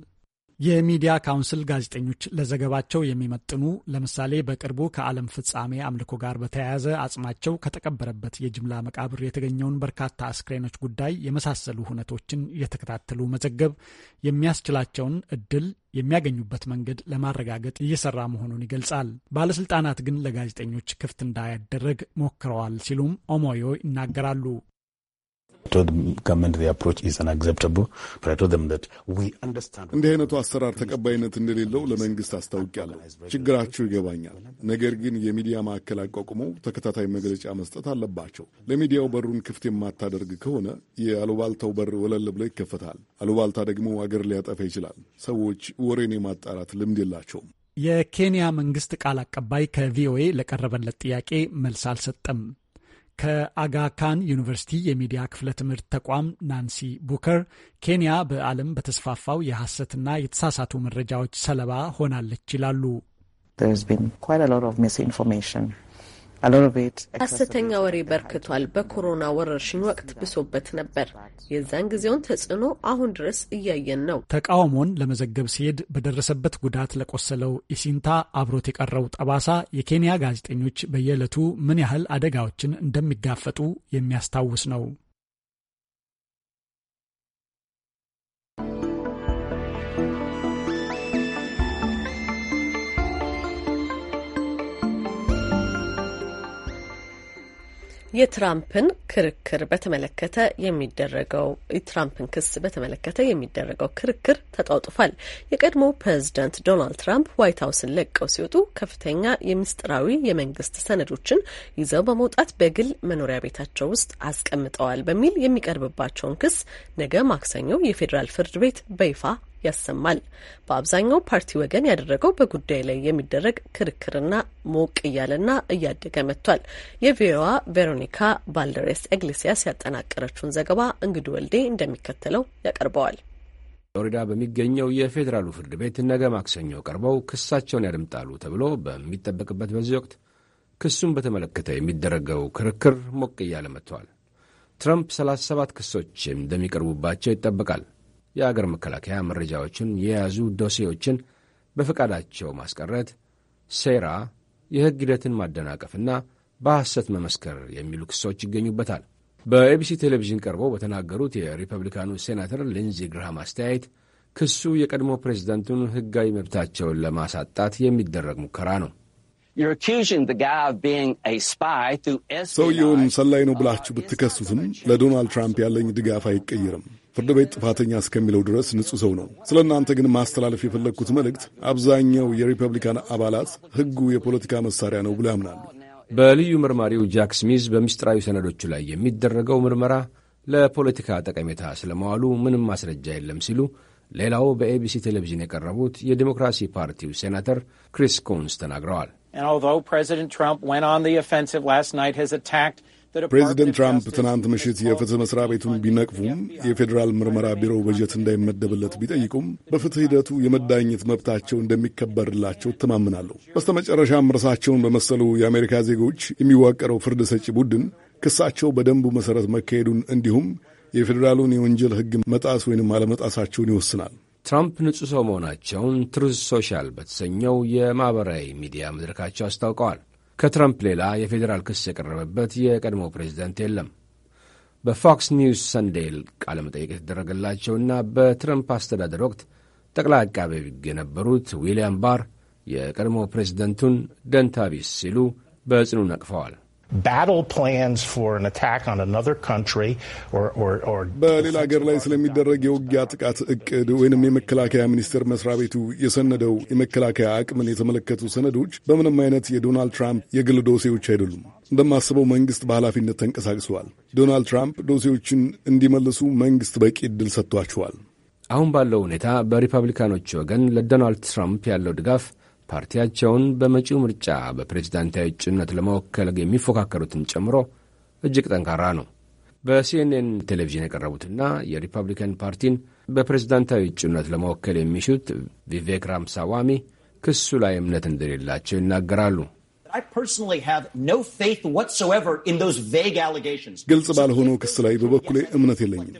[SPEAKER 3] የሚዲያ ካውንስል ጋዜጠኞች ለዘገባቸው የሚመጥኑ ለምሳሌ በቅርቡ ከዓለም ፍጻሜ አምልኮ ጋር በተያያዘ አጽማቸው ከተቀበረበት የጅምላ መቃብር የተገኘውን በርካታ አስክሬኖች ጉዳይ የመሳሰሉ ሁነቶችን እየተከታተሉ መዘገብ የሚያስችላቸውን እድል የሚያገኙበት መንገድ ለማረጋገጥ እየሰራ መሆኑን ይገልጻል። ባለስልጣናት ግን ለጋዜጠኞች ክፍት እንዳይደረግ ሞክረዋል ሲሉም ኦሞዮ ይናገራሉ።
[SPEAKER 7] እንዲህ አይነቱ አሰራር ተቀባይነት እንደሌለው ለመንግስት አስታውቂያለሁ። ችግራችሁ ይገባኛል። ነገር ግን የሚዲያ ማዕከል አቋቁመው ተከታታይ መግለጫ መስጠት አለባቸው። ለሚዲያው በሩን ክፍት የማታደርግ ከሆነ የአሉባልታው በር ወለል ብሎ ይከፈታል። አሉባልታ ደግሞ አገር ሊያጠፋ ይችላል። ሰዎች ወሬን የማጣራት ልምድ የላቸውም።
[SPEAKER 3] የኬንያ መንግስት ቃል አቀባይ ከቪኦኤ ለቀረበለት ጥያቄ መልስ አልሰጠም። ከአጋካን ዩኒቨርሲቲ የሚዲያ ክፍለ ትምህርት ተቋም ናንሲ ቡከር ኬንያ በዓለም በተስፋፋው የሐሰትና የተሳሳቱ መረጃዎች ሰለባ ሆናለች ይላሉ።
[SPEAKER 8] ሐሰተኛ
[SPEAKER 1] ወሬ በርክቷል። በኮሮና ወረርሽኝ ወቅት ብሶበት ነበር። የዛን ጊዜውን ተጽዕኖ አሁን ድረስ እያየን ነው።
[SPEAKER 3] ተቃውሞን ለመዘገብ ሲሄድ በደረሰበት ጉዳት ለቆሰለው ኢሲንታ አብሮት የቀረው ጠባሳ የኬንያ ጋዜጠኞች በየዕለቱ ምን ያህል አደጋዎችን እንደሚጋፈጡ የሚያስታውስ ነው።
[SPEAKER 1] የትራምፕን ክርክር በተመለከተ የሚደረገው የትራምፕን ክስ በተመለከተ የሚደረገው ክርክር ተጧጡፋል። የቀድሞ ፕሬዚዳንት ዶናልድ ትራምፕ ዋይት ሀውስን ለቀው ሲወጡ ከፍተኛ የምስጢራዊ የመንግስት ሰነዶችን ይዘው በመውጣት በግል መኖሪያ ቤታቸው ውስጥ አስቀምጠዋል በሚል የሚቀርብባቸውን ክስ ነገ ማክሰኞ የፌዴራል ፍርድ ቤት በይፋ ያሰማል። በአብዛኛው ፓርቲ ወገን ያደረገው በጉዳይ ላይ የሚደረግ ክርክርና ሞቅ እያለና እያደገ መጥቷል። የቪዮዋ ቬሮኒካ ባልደሬስ ኤግሌሲያስ ያጠናቀረችውን ዘገባ እንግዱ ወልዴ እንደሚከተለው ያቀርበዋል።
[SPEAKER 9] ፍሎሪዳ በሚገኘው የፌዴራሉ ፍርድ ቤት ነገ ማክሰኞ ቀርበው ክሳቸውን ያደምጣሉ ተብሎ በሚጠበቅበት በዚህ ወቅት ክሱን በተመለከተ የሚደረገው ክርክር ሞቅ እያለ መጥተዋል። ትራምፕ 37 ክሶች እንደሚቀርቡባቸው ይጠበቃል። የአገር መከላከያ መረጃዎችን የያዙ ዶሴዎችን በፈቃዳቸው ማስቀረት፣ ሴራ፣ የሕግ ሂደትን ማደናቀፍና በሐሰት መመስከር የሚሉ ክሶች ይገኙበታል። በኤቢሲ ቴሌቪዥን ቀርበው በተናገሩት የሪፐብሊካኑ ሴናተር ሊንዚ ግርሃም አስተያየት ክሱ የቀድሞ ፕሬዝደንቱን ሕጋዊ
[SPEAKER 7] መብታቸውን ለማሳጣት የሚደረግ ሙከራ ነው። ሰውየውን ሰላይ ነው ብላችሁ ብትከሱትም ለዶናልድ ትራምፕ ያለኝ ድጋፍ አይቀይርም። ፍርድ ቤት ጥፋተኛ እስከሚለው ድረስ ንጹህ ሰው ነው። ስለ እናንተ ግን ማስተላለፍ የፈለግኩት መልእክት አብዛኛው የሪፐብሊካን አባላት ህጉ የፖለቲካ መሳሪያ ነው ብሎ ያምናሉ።
[SPEAKER 9] በልዩ መርማሪው ጃክ ስሚዝ በምስጢራዊ ሰነዶቹ ላይ የሚደረገው ምርመራ ለፖለቲካ ጠቀሜታ ስለመዋሉ ምንም ማስረጃ የለም ሲሉ ሌላው በኤቢሲ ቴሌቪዥን የቀረቡት የዲሞክራሲ ፓርቲው ሴናተር ክሪስ ኮንስ ተናግረዋል።
[SPEAKER 7] ፕሬዚደንት ትራምፕ ትናንት ምሽት የፍትህ መስሪያ ቤቱን ቢነቅፉም የፌዴራል ምርመራ ቢሮ በጀት እንዳይመደብለት ቢጠይቁም በፍትህ ሂደቱ የመዳኘት መብታቸው እንደሚከበርላቸው ትማምናለሁ። በስተመጨረሻም እርሳቸውን በመሰሉ የአሜሪካ ዜጎች የሚዋቀረው ፍርድ ሰጪ ቡድን ክሳቸው በደንቡ መሠረት መካሄዱን እንዲሁም የፌዴራሉን የወንጀል ሕግ መጣስ ወይንም አለመጣሳቸውን ይወስናል። ትራምፕ ንጹሕ ሰው መሆናቸውን ትሩዝ
[SPEAKER 9] ሶሻል በተሰኘው የማኅበራዊ ሚዲያ መድረካቸው አስታውቀዋል። ከትራምፕ ሌላ የፌዴራል ክስ የቀረበበት የቀድሞ ፕሬዝደንት የለም። በፎክስ ኒውስ ሰንዴል ቃለ መጠየቅ የተደረገላቸውና በትረምፕ አስተዳደር ወቅት ጠቅላይ አቃቤ ሕግ የነበሩት ዊልያም ባር የቀድሞ ፕሬዝደንቱን ደንታቢስ ሲሉ በጽኑ ነቅፈዋል። battle plans for an attack on another country
[SPEAKER 7] በሌላ ሀገር ላይ ስለሚደረግ የውጊያ ጥቃት እቅድ ወይንም የመከላከያ ሚኒስቴር መስሪያ ቤቱ የሰነደው የመከላከያ አቅምን የተመለከቱ ሰነዶች በምንም አይነት የዶናልድ ትራምፕ የግል ዶሴዎች አይደሉም። እንደማስበው መንግስት በኃላፊነት ተንቀሳቅሰዋል። ዶናልድ ትራምፕ ዶሴዎችን እንዲመልሱ መንግስት በቂ እድል ሰጥቷቸዋል።
[SPEAKER 9] አሁን ባለው ሁኔታ በሪፐብሊካኖች ወገን ለዶናልድ ትራምፕ ያለው ድጋፍ ፓርቲያቸውን በመጪው ምርጫ በፕሬዝዳንታዊ እጩነት ለመወከል የሚፎካከሩትን ጨምሮ እጅግ ጠንካራ ነው። በሲኤንኤን ቴሌቪዥን የቀረቡትና የሪፐብሊካን ፓርቲን በፕሬዝዳንታዊ እጩነት ለመወከል የሚሹት ቪቬክ ራምሳዋሚ ክሱ ላይ እምነት እንደሌላቸው ይናገራሉ።
[SPEAKER 7] ግልጽ ባልሆነው ክስ ላይ በበኩሌ እምነት የለኝም።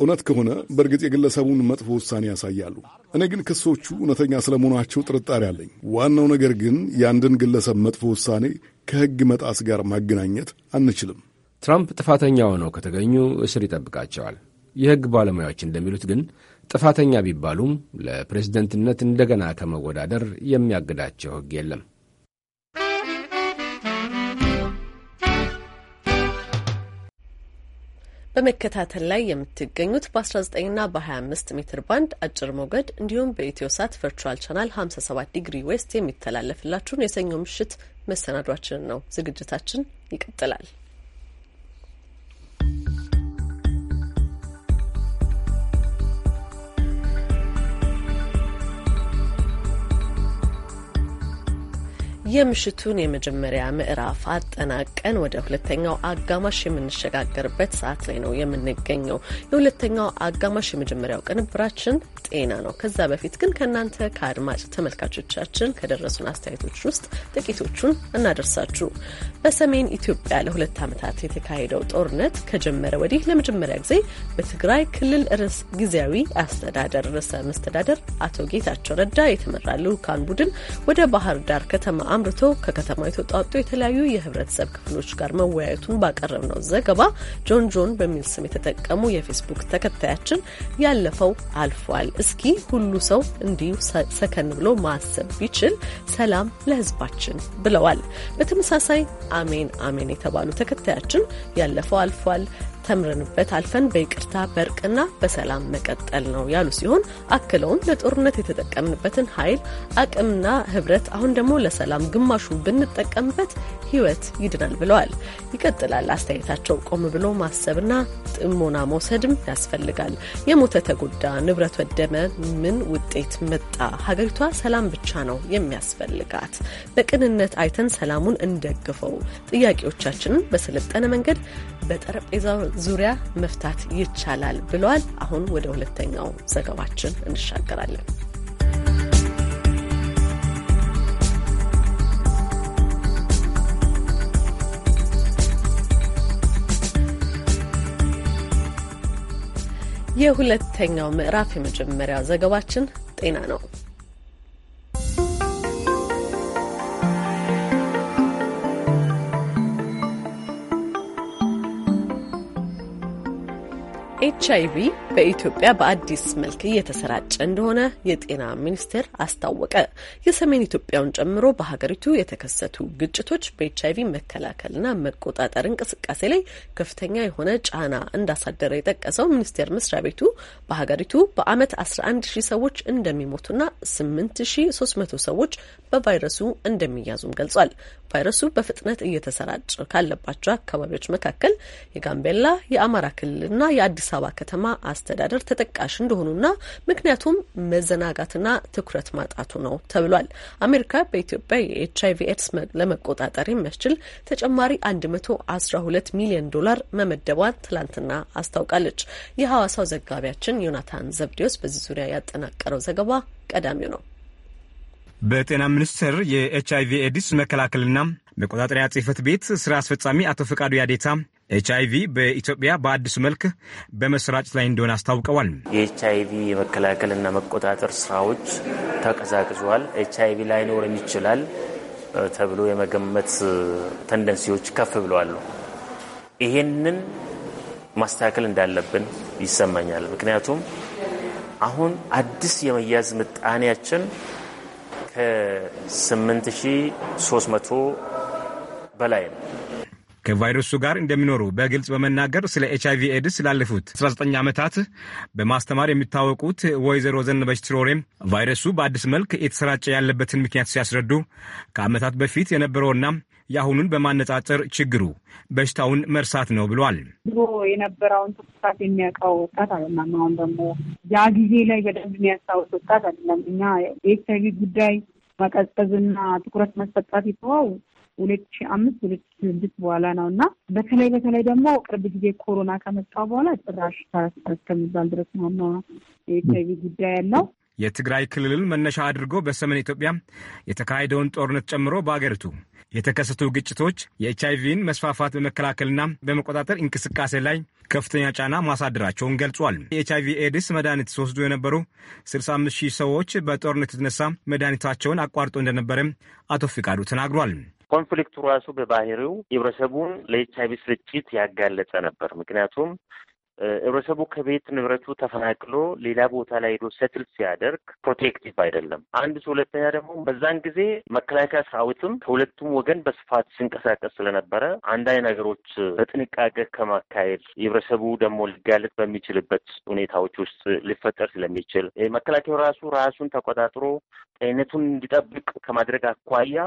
[SPEAKER 7] እውነት ከሆነ በእርግጥ የግለሰቡን መጥፎ ውሳኔ ያሳያሉ። እኔ ግን ክሶቹ እውነተኛ ስለመሆናቸው ጥርጣሬ አለኝ። ዋናው ነገር ግን የአንድን ግለሰብ መጥፎ ውሳኔ ከሕግ መጣስ ጋር ማገናኘት አንችልም። ትራምፕ ጥፋተኛ ሆነው ከተገኙ እስር ይጠብቃቸዋል።
[SPEAKER 9] የሕግ ባለሙያዎች እንደሚሉት ግን ጥፋተኛ ቢባሉም ለፕሬዝደንትነት እንደገና ከመወዳደር የሚያግዳቸው ሕግ የለም።
[SPEAKER 1] በመከታተል ላይ የምትገኙት በ19ና በ25 ሜትር ባንድ አጭር ሞገድ እንዲሁም በኢትዮ ሳት ቨርቹዋል ቻናል 57 ዲግሪ ዌስት የሚተላለፍላችሁን የሰኞ ምሽት መሰናዷችንን ነው። ዝግጅታችን ይቀጥላል። የምሽቱን የመጀመሪያ ምዕራፍ አጠናቀን ወደ ሁለተኛው አጋማሽ የምንሸጋገርበት ሰዓት ላይ ነው የምንገኘው። የሁለተኛው አጋማሽ የመጀመሪያው ቅንብራችን ጤና ነው። ከዛ በፊት ግን ከእናንተ ከአድማጭ ተመልካቾቻችን ከደረሱን አስተያየቶች ውስጥ ጥቂቶቹን እናደርሳችሁ። በሰሜን ኢትዮጵያ ለሁለት ዓመታት የተካሄደው ጦርነት ከጀመረ ወዲህ ለመጀመሪያ ጊዜ በትግራይ ክልል ርዕስ ጊዜያዊ አስተዳደር ርዕሰ መስተዳደር አቶ ጌታቸው ረዳ የተመራ ልዑካን ቡድን ወደ ባህር ዳር ከተማ አምርቶ ከከተማው የተውጣጡ የተለያዩ የህብረተሰብ ክፍሎች ጋር መወያየቱን ባቀረብነው ዘገባ ጆን ጆን በሚል ስም የተጠቀሙ የፌስቡክ ተከታያችን ያለፈው አልፏል፣ እስኪ ሁሉ ሰው እንዲሁ ሰከን ብሎ ማሰብ ቢችል ሰላም ለህዝባችን ብለዋል። በተመሳሳይ አሜን አሜን የተባሉ ተከታያችን ያለፈው አልፏል ተምረንበት አልፈን በይቅርታ በእርቅና በሰላም መቀጠል ነው ያሉ ሲሆን አክለውም ለጦርነት የተጠቀምንበትን ኃይል አቅምና ህብረት አሁን ደግሞ ለሰላም ግማሹ ብንጠቀምበት ህይወት ይድናል ብለዋል። ይቀጥላል አስተያየታቸው። ቆም ብሎ ማሰብና ጥሞና መውሰድም ያስፈልጋል። የሞተ ተጎዳ፣ ንብረት ወደመ፣ ምን ውጤት መጣ? ሀገሪቷ ሰላም ብቻ ነው የሚያስፈልጋት። በቅንነት አይተን ሰላሙን እንደግፈው። ጥያቄዎቻችንን በሰለጠነ መንገድ በጠረጴዛ ዙሪያ መፍታት ይቻላል ብለዋል። አሁን ወደ ሁለተኛው ዘገባችን እንሻገራለን። የሁለተኛው ምዕራፍ የመጀመሪያ ዘገባችን ጤና ነው። ኤች አይ ቪ በኢትዮጵያ በአዲስ መልክ እየተሰራጨ እንደሆነ የጤና ሚኒስቴር አስታወቀ። የሰሜን ኢትዮጵያውን ጨምሮ በሀገሪቱ የተከሰቱ ግጭቶች በኤች አይ ቪ መከላከልና መቆጣጠር እንቅስቃሴ ላይ ከፍተኛ የሆነ ጫና እንዳሳደረ የጠቀሰው ሚኒስቴር መስሪያ ቤቱ በሀገሪቱ በአመት 11 ሺህ ሰዎች እንደሚሞቱና 8300 ሰዎች በቫይረሱ እንደሚያዙም ገልጿል። ቫይረሱ በፍጥነት እየተሰራጨ ካለባቸው አካባቢዎች መካከል የጋምቤላ፣ የአማራ ክልልና የአዲስ አበባ ከተማ አስተዳደር ተጠቃሽ እንደሆኑና ምክንያቱም መዘናጋትና ትኩረት ማጣቱ ነው ተብሏል። አሜሪካ በኢትዮጵያ የኤች አይቪ ኤድስ ለመቆጣጠር የሚያስችል ተጨማሪ 112 ሚሊዮን ዶላር መመደቧን ትላንትና አስታውቃለች። የሐዋሳው ዘጋቢያችን ዮናታን ዘብዴዎስ በዚህ ዙሪያ ያጠናቀረው ዘገባ ቀዳሚው ነው።
[SPEAKER 10] በጤና ሚኒስቴር የኤች አይቪ ኤድስ መከላከልና መቆጣጠሪያ ጽህፈት ቤት ስራ አስፈጻሚ አቶ ፈቃዱ ያዴታ ኤች አይ ቪ በኢትዮጵያ በአዲሱ መልክ በመስራጭ ላይ እንደሆነ አስታውቀዋል።
[SPEAKER 5] የኤች አይ ቪ የመከላከልና መቆጣጠር ስራዎች ተቀዛቅዟል። ኤች አይቪ ላይኖርም ይችላል ተብሎ የመገመት ተንደንሲዎች ከፍ ብለዋል። ይሄንን ማስተካከል እንዳለብን ይሰማኛል። ምክንያቱም አሁን አዲስ የመያዝ ምጣኔያችን ከ8,300 በላይ ነው።
[SPEAKER 10] ከቫይረሱ ጋር እንደሚኖሩ በግልጽ በመናገር ስለ ኤች አይቪ ኤድስ ላለፉት 19 ዓመታት በማስተማር የሚታወቁት ወይዘሮ ዘነበች ትሮሬም ቫይረሱ በአዲስ መልክ የተሰራጨ ያለበትን ምክንያት ሲያስረዱ ከዓመታት በፊት የነበረውና የአሁኑን በማነጻጸር ችግሩ በሽታውን መርሳት ነው ብሏል።
[SPEAKER 11] ድሮ የነበረውን ትኩሳት የሚያውቀው ወጣት አይደለም። አሁን ደግሞ ያ ጊዜ ላይ በደንብ የሚያስታውስ ወጣት አይደለም። እኛ የኤች አይቪ ጉዳይ መቀዝቀዝና ትኩረት መሰጣት ይተዋው ሁለት ሺ አምስት ሁለት ሺ ስድስት በኋላ ነው እና በተለይ በተለይ ደግሞ ቅርብ ጊዜ ኮሮና ከመጣ በኋላ ጭራሽ እስከሚባል ድረስ ነውና የኤች ጉዳይ ያለው።
[SPEAKER 10] የትግራይ ክልልን መነሻ አድርጎ በሰሜን ኢትዮጵያ የተካሄደውን ጦርነት ጨምሮ በአገሪቱ የተከሰቱ ግጭቶች የኤች አይቪን መስፋፋት በመከላከልና በመቆጣጠር እንቅስቃሴ ላይ ከፍተኛ ጫና ማሳደራቸውን ገልጿል። የኤች አይቪ ኤድስ መድኃኒት ሲወስዱ የነበሩ 65 ሺህ ሰዎች በጦርነት የተነሳ መድኃኒታቸውን አቋርጦ እንደነበረ አቶ ፍቃዱ ተናግሯል።
[SPEAKER 5] ኮንፍሊክቱ ራሱ በባህሪው ህብረተሰቡን ለኤች አይቪ ስርጭት ያጋለጠ ነበር። ምክንያቱም ህብረተሰቡ ከቤት ንብረቱ ተፈናቅሎ ሌላ ቦታ ላይ ሄዶ ሰትል ሲያደርግ ፕሮቴክቲቭ አይደለም። አንድ ሰው ሁለተኛ ደግሞ በዛን ጊዜ መከላከያ ሰራዊትም ከሁለቱም ወገን በስፋት ሲንቀሳቀስ ስለነበረ አንዳንድ ነገሮች በጥንቃቄ ከማካሄድ ህብረተሰቡ ደግሞ ሊጋለጥ በሚችልበት ሁኔታዎች ውስጥ ሊፈጠር ስለሚችል መከላከያው ራሱ ራሱን ተቆጣጥሮ ጤንነቱን እንዲጠብቅ ከማድረግ አኳያ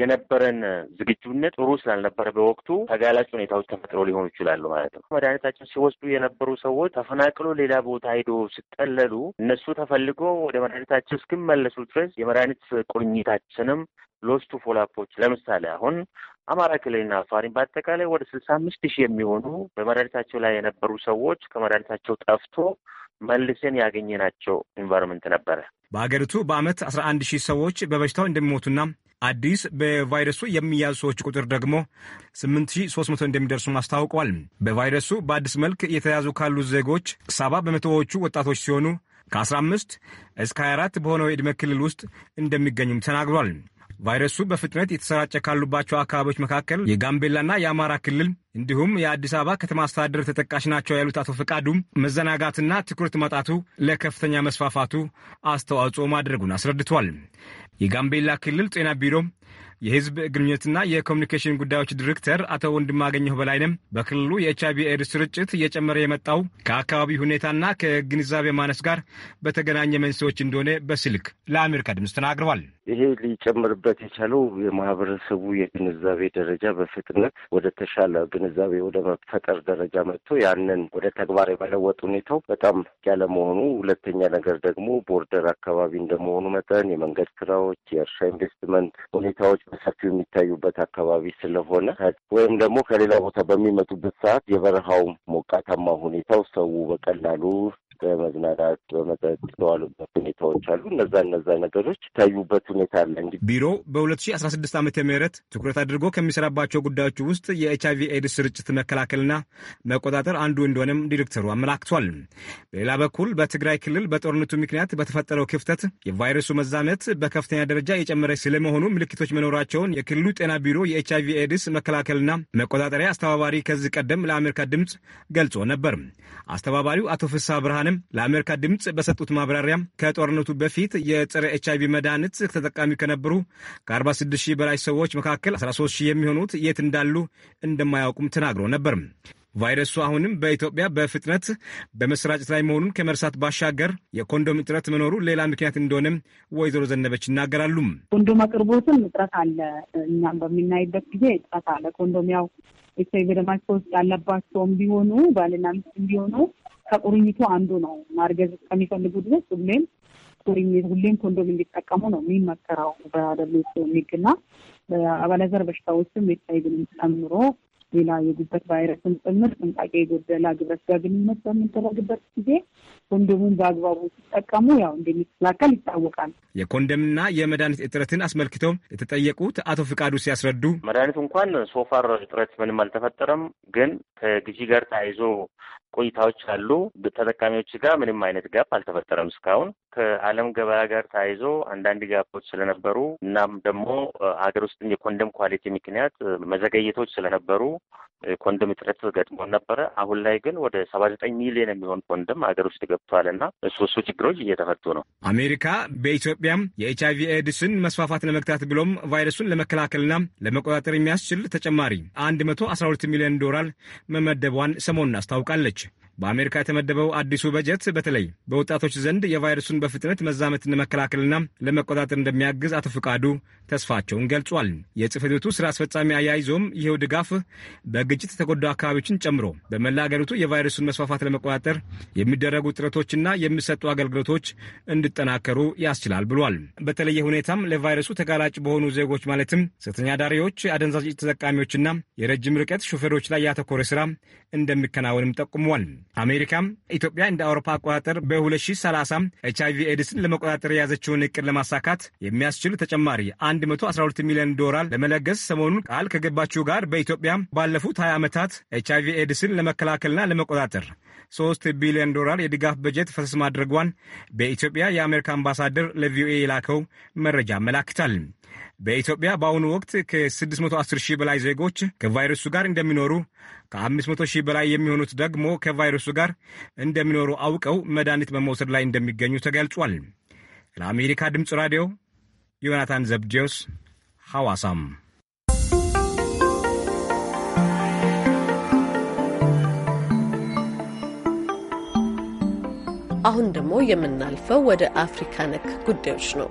[SPEAKER 5] የነበረን ዝግጁነት ጥሩ ስላልነበረ በወቅቱ ተጋላጭ ሁኔታዎች ተፈጥሮ ሊሆኑ ይችላሉ ማለት ነው። መድኃኒታችን ሲወስዱ የነበሩ ሰዎች ተፈናቅሎ ሌላ ቦታ ሄዶ ሲጠለሉ እነሱ ተፈልጎ ወደ መድኃኒታቸው እስክመለሱ ድረስ የመድኃኒት ቁርኝታችንም ሎስቱ ፎላፖች ለምሳሌ አሁን አማራ ክልልና አፋሪን በአጠቃላይ ወደ ስልሳ አምስት ሺህ የሚሆኑ በመድኃኒታቸው ላይ የነበሩ ሰዎች ከመድኃኒታቸው ጠፍቶ መልሰን ያገኘናቸው ኢንቫይሮንመንት ነበረ።
[SPEAKER 10] በሀገሪቱ በአመት አስራ አንድ ሺህ ሰዎች በበሽታው እንደሚሞቱና አዲስ በቫይረሱ የሚያዙ ሰዎች ቁጥር ደግሞ 8300 እንደሚደርሱ አስታውቋል። በቫይረሱ በአዲስ መልክ የተያዙ ካሉ ዜጎች 70 በመቶዎቹ ወጣቶች ሲሆኑ ከ15 እስከ 24 በሆነው የዕድሜ ክልል ውስጥ እንደሚገኙም ተናግሯል። ቫይረሱ በፍጥነት የተሰራጨ ካሉባቸው አካባቢዎች መካከል የጋምቤላና የአማራ ክልል እንዲሁም የአዲስ አበባ ከተማ አስተዳደር ተጠቃሽ ናቸው ያሉት አቶ ፈቃዱ መዘናጋትና ትኩረት መጣቱ ለከፍተኛ መስፋፋቱ አስተዋጽኦ ማድረጉን አስረድቷል። የጋምቤላ ክልል ጤና ቢሮ የህዝብ ግንኙነትና የኮሚኒኬሽን ጉዳዮች ዲሬክተር አቶ ወንድማገኘሁ በላይነም በክልሉ የኤች አይቪ ኤድስ ስርጭት እየጨመረ የመጣው ከአካባቢ ሁኔታና ከግንዛቤ ማነስ ጋር በተገናኘ መንስኤዎች እንደሆነ በስልክ ለአሜሪካ ድምፅ
[SPEAKER 9] ተናግረዋል።
[SPEAKER 5] ይሄ ሊጨምርበት የቻለው የማህበረሰቡ የግንዛቤ ደረጃ በፍጥነት ወደ ተሻለ ግንዛቤ ወደ መፈጠር ደረጃ መጥቶ ያንን ወደ ተግባር የመለወጥ ሁኔታው በጣም ያለ መሆኑ፣ ሁለተኛ ነገር ደግሞ ቦርደር አካባቢ እንደመሆኑ መጠን የመንገድ ስራዎች፣ የእርሻ ኢንቨስትመንት ሁኔታዎች በሰፊው የሚታዩበት አካባቢ ስለሆነ ወይም ደግሞ ከሌላ ቦታ በሚመጡበት ሰዓት የበረሃው ሞቃታማ ሁኔታው ሰው በቀላሉ በመዝናናት በመጠጥ የተዋሉበት ሁኔታዎች አሉ። እነዛ እነዛ ነገሮች ይታዩበት ሁኔታ አለ። እንግዲህ
[SPEAKER 10] ቢሮ በ2016 ዓ ም ትኩረት አድርጎ ከሚሰራባቸው ጉዳዮች ውስጥ የኤች አይቪ ኤድስ ስርጭት መከላከልና መቆጣጠር አንዱ እንደሆነም ዲሬክተሩ አመላክቷል። በሌላ በኩል በትግራይ ክልል በጦርነቱ ምክንያት በተፈጠረው ክፍተት የቫይረሱ መዛመት በከፍተኛ ደረጃ የጨመረ ስለመሆኑ ምልክቶች መኖራቸውን የክልሉ ጤና ቢሮ የኤች አይቪ ኤድስ መከላከልና መቆጣጠሪያ አስተባባሪ ከዚህ ቀደም ለአሜሪካ ድምፅ ገልጾ ነበር። አስተባባሪው አቶ ፍሳ ብርሃነ ብርሃንም ለአሜሪካ ድምፅ በሰጡት ማብራሪያ ከጦርነቱ በፊት የጸረ ኤች አይቪ መድኃኒት ተጠቃሚ ከነበሩ ከ46 ሺህ በላይ ሰዎች መካከል 13 ሺህ የሚሆኑት የት እንዳሉ እንደማያውቁም ተናግሮ ነበር። ቫይረሱ አሁንም በኢትዮጵያ በፍጥነት በመሰራጨት ላይ መሆኑን ከመርሳት ባሻገር የኮንዶም እጥረት መኖሩ ሌላ ምክንያት እንደሆነም ወይዘሮ ዘነበች ይናገራሉ።
[SPEAKER 11] ኮንዶም አቅርቦትም እጥረት አለ። እኛም በሚናይበት ጊዜ እጥረት አለ። ኮንዶም ያው ኤች አይቪ ያለባቸውም ቢሆኑ ባልና ሚስት ቢሆኑ ከቁርኝቱ አንዱ ነው። ማርገዝ ከሚፈልጉ ድረስ ሁሌም ቁርኝት ሁሌም ኮንዶም እንዲጠቀሙ ነው የሚመከረው በደብሊውኤች የሚግና በአባለዘር በሽታዎችም ኤች አይ ቪን ጨምሮ ሌላ የጉበት ቫይረስን ጭምር ጥንቃቄ የጎደላ ግብረ ስጋ ግንኙነት በምንደረግበት
[SPEAKER 3] ጊዜ ኮንዶሙን በአግባቡ ሲጠቀሙ ያው እንደሚከላከል ይታወቃል።
[SPEAKER 10] የኮንደምና የመድኃኒት እጥረትን አስመልክተው የተጠየቁት አቶ ፍቃዱ ሲያስረዱ መድኃኒቱ እንኳን ሶፋር
[SPEAKER 5] እጥረት ምንም አልተፈጠረም፣ ግን ከግዢ ጋር ተያይዞ ቆይታዎች አሉ። ተጠቃሚዎች ጋር ምንም አይነት ጋፕ አልተፈጠረም እስካሁን። ከዓለም ገበያ ጋር ተያይዞ አንዳንድ ጋፖች ስለነበሩ እናም ደግሞ ሀገር ውስጥ የኮንደም ኳሊቲ ምክንያት መዘገየቶች ስለነበሩ ኮንደም እጥረት ገጥሞን ነበረ። አሁን ላይ ግን ወደ ሰባ ዘጠኝ ሚሊዮን የሚሆን ኮንደም ሀገር ውስጥ ገብቷል እና እሱ ችግሮች እየተፈቱ ነው።
[SPEAKER 10] አሜሪካ በኢትዮጵያም የኤች አይቪ ኤድስን መስፋፋት ለመግታት ብሎም ቫይረሱን ለመከላከልና ለመቆጣጠር የሚያስችል ተጨማሪ 112 ሚሊዮን ዶላር መመደቧን ሰሞኑን አስታውቃለች። በአሜሪካ የተመደበው አዲሱ በጀት በተለይ በወጣቶች ዘንድ የቫይረሱን በፍጥነት መዛመትን መከላከልና ለመቆጣጠር እንደሚያግዝ አቶ ፍቃዱ ተስፋቸውን ገልጿል። የጽህፈት ቤቱ ስራ አስፈጻሚ አያይዞም ይኸው ድጋፍ በግጭት የተጎዱ አካባቢዎችን ጨምሮ በመላ አገሪቱ የቫይረሱን መስፋፋት ለመቆጣጠር የሚደረጉ ጥረቶችና የሚሰጡ አገልግሎቶች እንዲጠናከሩ ያስችላል ብሏል። በተለየ ሁኔታም ለቫይረሱ ተጋላጭ በሆኑ ዜጎች ማለትም ሴተኛ አዳሪዎች፣ አደንዛዥ ተጠቃሚዎችና የረጅም ርቀት ሹፌሮች ላይ ያተኮረ ስራ እንደሚከናወንም ጠቁሟል። አሜሪካም ኢትዮጵያ እንደ አውሮፓ አቆጣጠር በ2030 ኤች አይቪ ኤድስን ለመቆጣጠር የያዘችውን እቅድ ለማሳካት የሚያስችል ተጨማሪ 112 ሚሊዮን ዶላር ለመለገስ ሰሞኑን ቃል ከገባችው ጋር በኢትዮጵያ ባለፉት 20 ዓመታት ኤች አይቪ ኤድስን ለመከላከልና ለመቆጣጠር 3 ቢሊዮን ዶላር የድጋፍ በጀት ፈሰስ ማድረጓን በኢትዮጵያ የአሜሪካ አምባሳደር ለቪኦኤ የላከው መረጃ አመላክታል። በኢትዮጵያ በአሁኑ ወቅት ከ610 ሺህ በላይ ዜጎች ከቫይረሱ ጋር እንደሚኖሩ ከ500 ሺህ በላይ የሚሆኑት ደግሞ ከቫይረሱ ጋር እንደሚኖሩ አውቀው መድኃኒት በመውሰድ ላይ እንደሚገኙ ተገልጿል። ለአሜሪካ ድምፅ ራዲዮ ዮናታን ዘብዴዎስ ሐዋሳም።
[SPEAKER 1] አሁን ደግሞ የምናልፈው ወደ አፍሪካ ነክ ጉዳዮች ነው።